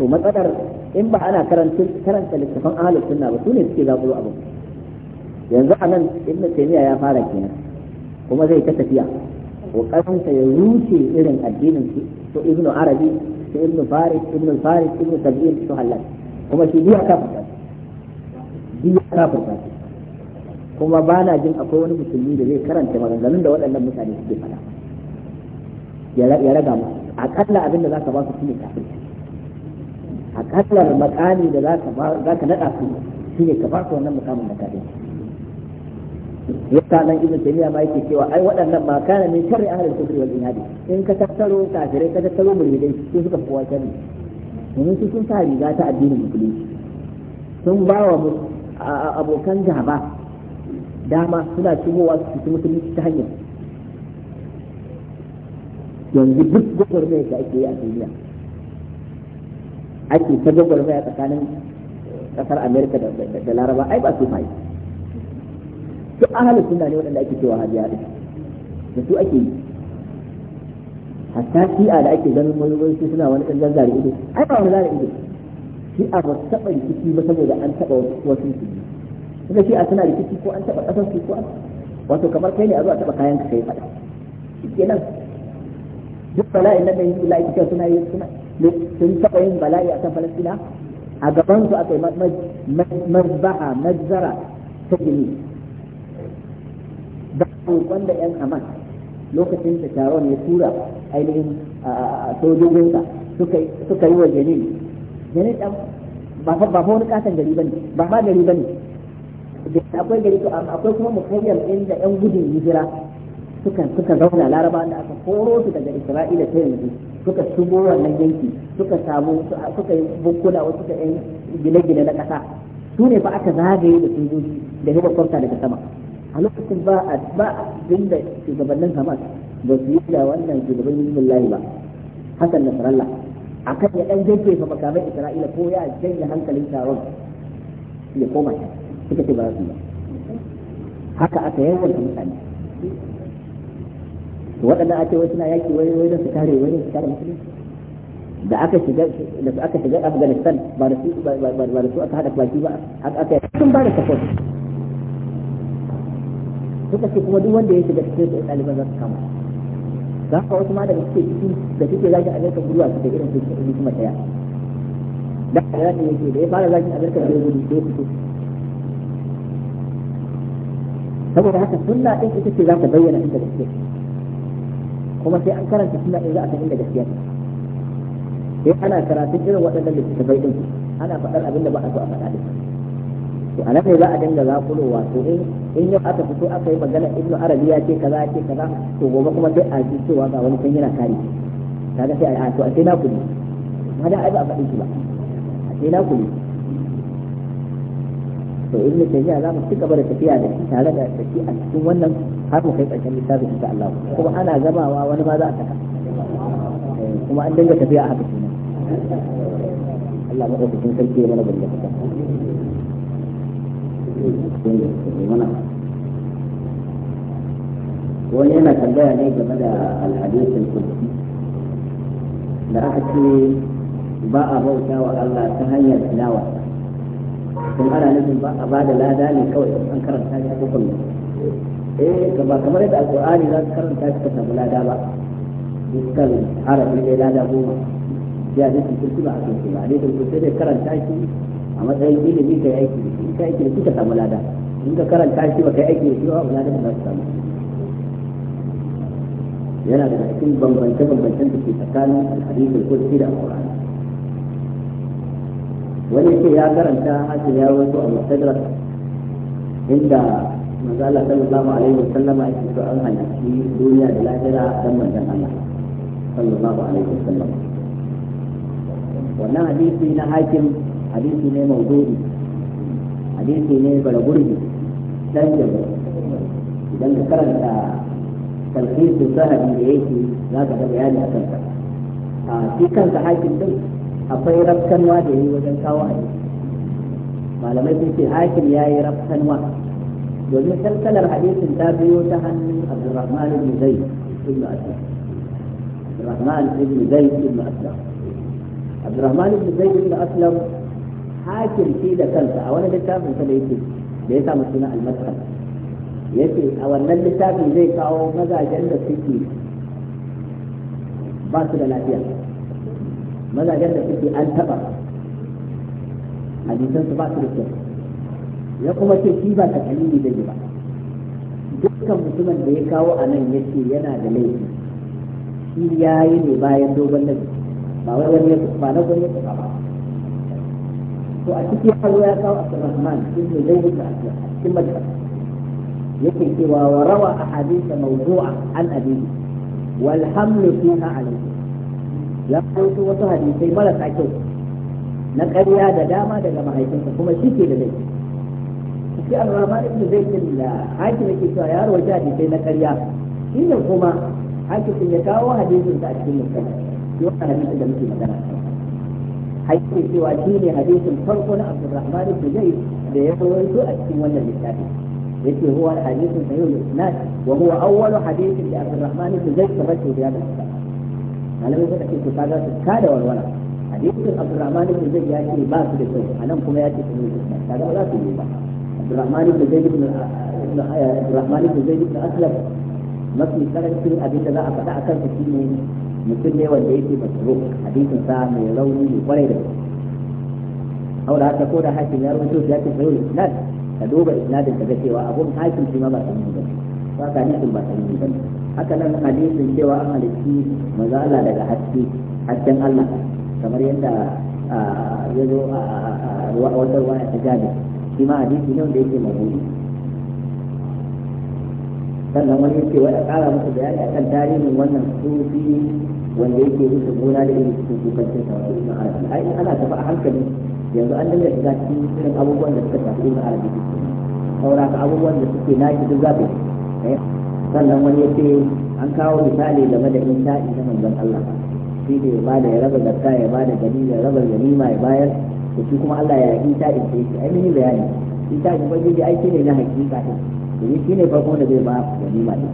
to matsalar in ba ana karanta karanta littafin ahlus sunna ba sune suke zaƙulo abin yanzu a nan ibnu taymiya ya fara kenan kuma zai ta tafiya kokarin sa ya rushe irin addinin su to ibnu arabi to ibnu faris ibnu faris ibnu tabi'in to halal kuma shi biya kafirta biya kafirta kuma ba na jin akwai wani musulmi da zai karanta maganganun da waɗannan mutane suke faɗa ya raga musu aƙalla abin da za ka ba su shine a aƙallar makami da za ka nada su shine ka ba su wannan mukamin da ka dace yasa nan ibn taymiya ma yake cewa ai waɗannan ma kana min sharri ahlul kufri wal jihad in ka tattaro kafirai ka tattaro mulhidai su suka fi kowa sharri domin su sun sa riga ta addinin musulunci sun ba wa abokan gaba dama suna shigowa su ci musulunci ta hanyar yanzu duk gwagwarmaya da ake yi a duniya ake ta gwagwarmaya tsakanin kasar amerika da laraba ai ba su fahimta duk ahalin suna ne waɗanda ake cewa hajiya ɗin da su ake yi hatta shi'a da ake ganin wani wani su suna wani ɗan zari ido ai ba wani zari ido shi'a ba su taɓa rikici ba saboda an taɓa wasu su ne suka shi'a suna rikici ko an taɓa ƙasar su ko wato kamar kai ne a zuwa taɓa kayan ka kai faɗa shi kenan duk bala'in nan da yanzu bala'i kika suna yi suna sun taɓa yin bala'i a kan falastina a gabansu aka yi mazbaha mazara ta gini da roƙon da yan hamas lokacin da taron ya tura ainihin sojojinsa suka yi wa janin janin ɗan ba fa wani katon gari ba ne ba ma gari ba ne akwai gari to akwai kuma mukayyar inda yan gudun hijira suka suka zauna laraba da aka koro su daga isra'ila ta yanzu suka shigo wannan yanki suka samu suka yi bukkuna wasu suka yan gine-gine na ƙasa su ne fa aka zagaye da sojoji da helicopter daga sama a lokacin ba a ba abin da shugabannin Hamas ba su yi da wannan shugaban layi ba Hassan a kan ya dan jajjefa makamai Isra'ila ko ya janye hankalin taron ya koma suka ce ba su ba haka aka yawan mutane waɗanda waɗannan a ce wasu na yaki wani wani su kare wani su kare musulunci da aka shiga da aka shiga Afghanistan ba da su ba da su aka hada baki ba aka yi sun ba da support suka ce kuma duk wanda ya shiga cikin ɗaliban za su kama za ka wasu ma daga cikin cikin da suke zaki amerika guduwa su da irin su ke kuma ɗaya da ka zaki yake da ya fara zaki amerika da ya gudu da ya fito saboda haka sunna ɗin ita ce za ta bayyana inda cikin kuma sai an karanta sunna ɗin za a san inda gaskiya sai ana karatun irin waɗannan littattafai ɗin ana faɗar abin da ba a so a faɗa su to anan ne za a dinga zakulowa to in in yau aka fito aka yi magana ibnu arabi ya ce kaza ce kaza to gobe kuma sai a ji cewa ga wani kan yana kare kaga sai a to a sai na kuli ma da ai ba a faɗi shi ba a sai na kuli to in ibnu tafiya za mu ci gaba da tafiya da shi tare da shi a cikin wannan har mu kai ƙarshen lissafi insha Allah kuma ana gamawa wani ma za a saka eh, kuma an dinga tafiya a haka kenan Allah madaukakin sarki ya mana ballaka wani yana tambaya ne game da alhadisin kursi da aka ce ba a bauta wa Allah ta hanyar tilawa kun ana nufin ba a bada lada ne kawai an karanta shi ko kuma eh ba kamar yadda alqur'ani za ka karanta shi ka samu lada ba dukkan harafi ne lada goma ya da cikin kuma a cikin a dai kun sai karanta shi a matsayin ka yi aiki da shi ka aiki da shi ka samu lada in ka karanta shi ba ka yi aiki da shi ba lada ba za ka samu yana daga cikin bambance-bambancen da ke tsakanin ko shi da alƙur'ani wani ce ya karanta hasil ya wato a mustadrak inda manzo Allah sallallahu alaihi wa sallama yake so an halarci duniya da lahira dan manzon Allah sallallahu alaihi wa sallam wannan hadisi na hakim hadisi ne maudu'i hadisi ne balagurbi dan jabo idan ka karanta talhisu sahabi da yake za ka ga bayani a kansa a shi kansa hakim din akwai rafkanwa da yi wajen kawo hadisi malamai ce hakim ya yi domin salsalar hadisin ta biyo ta hannun abdurrahman ibn zaid ibn aslam abdurrahman ibn zaid ibn aslam aslam hakim shi da kansa a wani littafin sa da yake da ya samu suna almasar yake a wannan littafin zai kawo mazajen da suke ba su da lafiya mazajen da suke an taba hadisan su ba su da kyau ya kuma ce shi ba ta kalili da ba dukkan mutumin da ya kawo a nan ce yana da laifi shi ya yi ne bayan dogon nan ba wai wani ya ba na gwani ya ba to a cikin halwa ya kawo Abdurrahman ibn Dawud a cikin madhhab yake cewa wa rawa ahadith mawdu'a an abihi wal hamlu fiha alayhi ya kawo wasu hadisai marasa kyau na ƙarya da dama daga mahaifinsa kuma shi ke da laifi shi al-rahman ibn zayd da hakim yake cewa ya rawaita hadisai na ƙarya shi ne kuma hakim ya kawo hadisin sa a cikin musulmi yau a hadisin da muke magana haƙƙin cewa shi ne hadisin farko na Abdurrahman ibn Zayd da ya rawaito a cikin wannan littafi yace huwa hadisin sahih al-isnad wa huwa awwalu hadithin da Abdurrahman ibn Zayd sarrafa da ya hadisin malamai suka ce ku za su kada walwala hadisin Abdurrahman ibn Zayd ya ce ba su da kyau nan kuma ya ce yi ne kaga ba za su yi ba Abdurrahman ibn Zayd ibn Abdurrahman ibn Zayd ibn Aslam mafi karancin abin da za a faɗa akan su shine mutum ne wanda yake masaruf hadisin sa mai rauni mai kwarai da da haka ko da hakim ya rubuto ya ce sai isnad ka duba isnadin ka ga cewa abun hakim shi ma ba sanin ba ba ka ne ba sanin ba haka nan hadisin cewa an halitti manzo Allah daga haske hasken Allah kamar yadda ah, ya zo a wata ruwaya ta jabi shi ma hadisi ne wanda yake mabudi sannan wani yake wai a ƙara musu bayani a kan tarihin wannan sufi wanda yake rufe gona da irin cikin kukancin sa wato ibn arabi ai ana tafi a hankali yanzu an dinga shiga cikin irin abubuwan da suka shafi ibn arabi saura ka abubuwan da suke nashi duk zaɓi sannan wani yake an kawo misali game da sha'i na manzon Allah shi ne ba da ya raba zakka ya ba da gani ya raba ganima ya bayar da shi kuma Allah ya yi insha'i da shi ainihin bayani insha'i ubangiji aiki ne na hakika ta. domin shi ne farko da zai ba ganima ne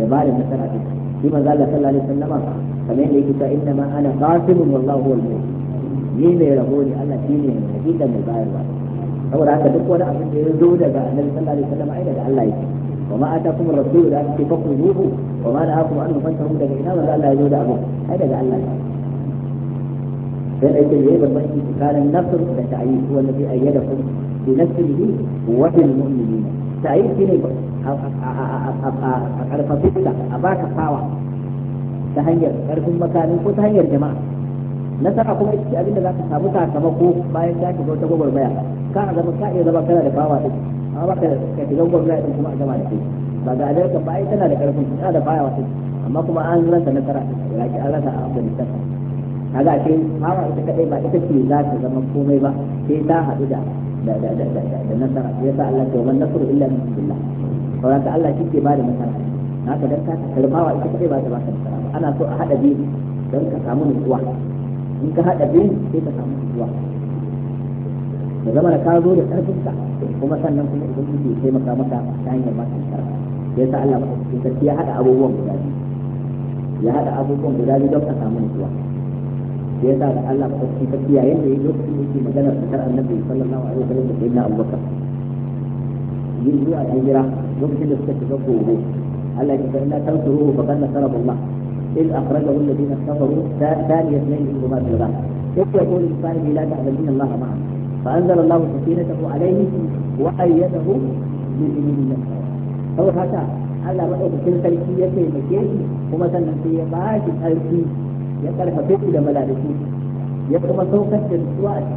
ya ba da nasara ne shi manzo Allah sallallahu alaihi wasallama kamar yadda yake cewa inna ma ana qasimun wallahu wal ni mai rabo ne Allah shi ne hakika mai bayarwa saboda haka duk wani abin da ya zo daga annabi sallallahu alaihi wasallama ai daga Allah yake wa ma atakum rasul da ake fakku ruhu wa ma na'akum an fantahu daga ina manzo Allah ya zo da abu ai daga Allah ne dan ake yi babban tsakanin nasr da ta'ayyid wanda bi ayyadakum bi nasrihi wa bil mu'minina sayi shi ne a ƙarfafinsa a baka fawa ta hanyar ƙarfin makami ko ta hanyar jama'a nasara kuma ita abin da za ka samu sakamako bayan ka shiga wata gwagwarmaya ka a zama ka iya zama kana da fawa ɗin amma ba ka shiga gwagwarmaya ɗin kuma a zama da kai ba ga adarka ba ai tana da ƙarfin tana da fawa ɗin amma kuma an rasa nasara ɗin a iraki an rasa a afghanistan kaga ake hawa ita kadai ba ita ce za ta zama komai ba sai ta haɗu da da da da da da nasara ya sa Allah ta wa nasru illa min billah saboda Allah kike ba da nasara ka dan ka karbawa ita kadai ba ta ba ka nasara ana so a haɗa biyu don ka samu nutsuwa in ka haɗa biyu sai ka samu nutsuwa da zama da ka zo da karfinka kuma sannan kuma idan kuke sai maka ta hanyar ba ka nasara ya sa Allah ba ta ya haɗa abubuwan guda biyu ya haɗa abubuwan guda biyu don ka samu nutsuwa da ya sa da Allah ba ta ta kiyaye da yake lokacin da yake magana fitar annabi sallallahu alaihi wasallam da sayyidina Abubakar yin zuwa hijira lokacin da suka shiga gobe. Allah ya ce inna tansuruhu faqad nasarahu Allah إذ أخرجه الذين كفروا ثاني اثنين منهما في الغار إذ يقول لصاحبه لا تعلمين الله معه فأنزل الله سكينته عليه وأيده بجنود الله هو هذا Allah maɗaukakin sarki ya taimake shi kuma sannan sai ya ba shi ya karfafe su da malalaki ya kuma saukar da su a cikin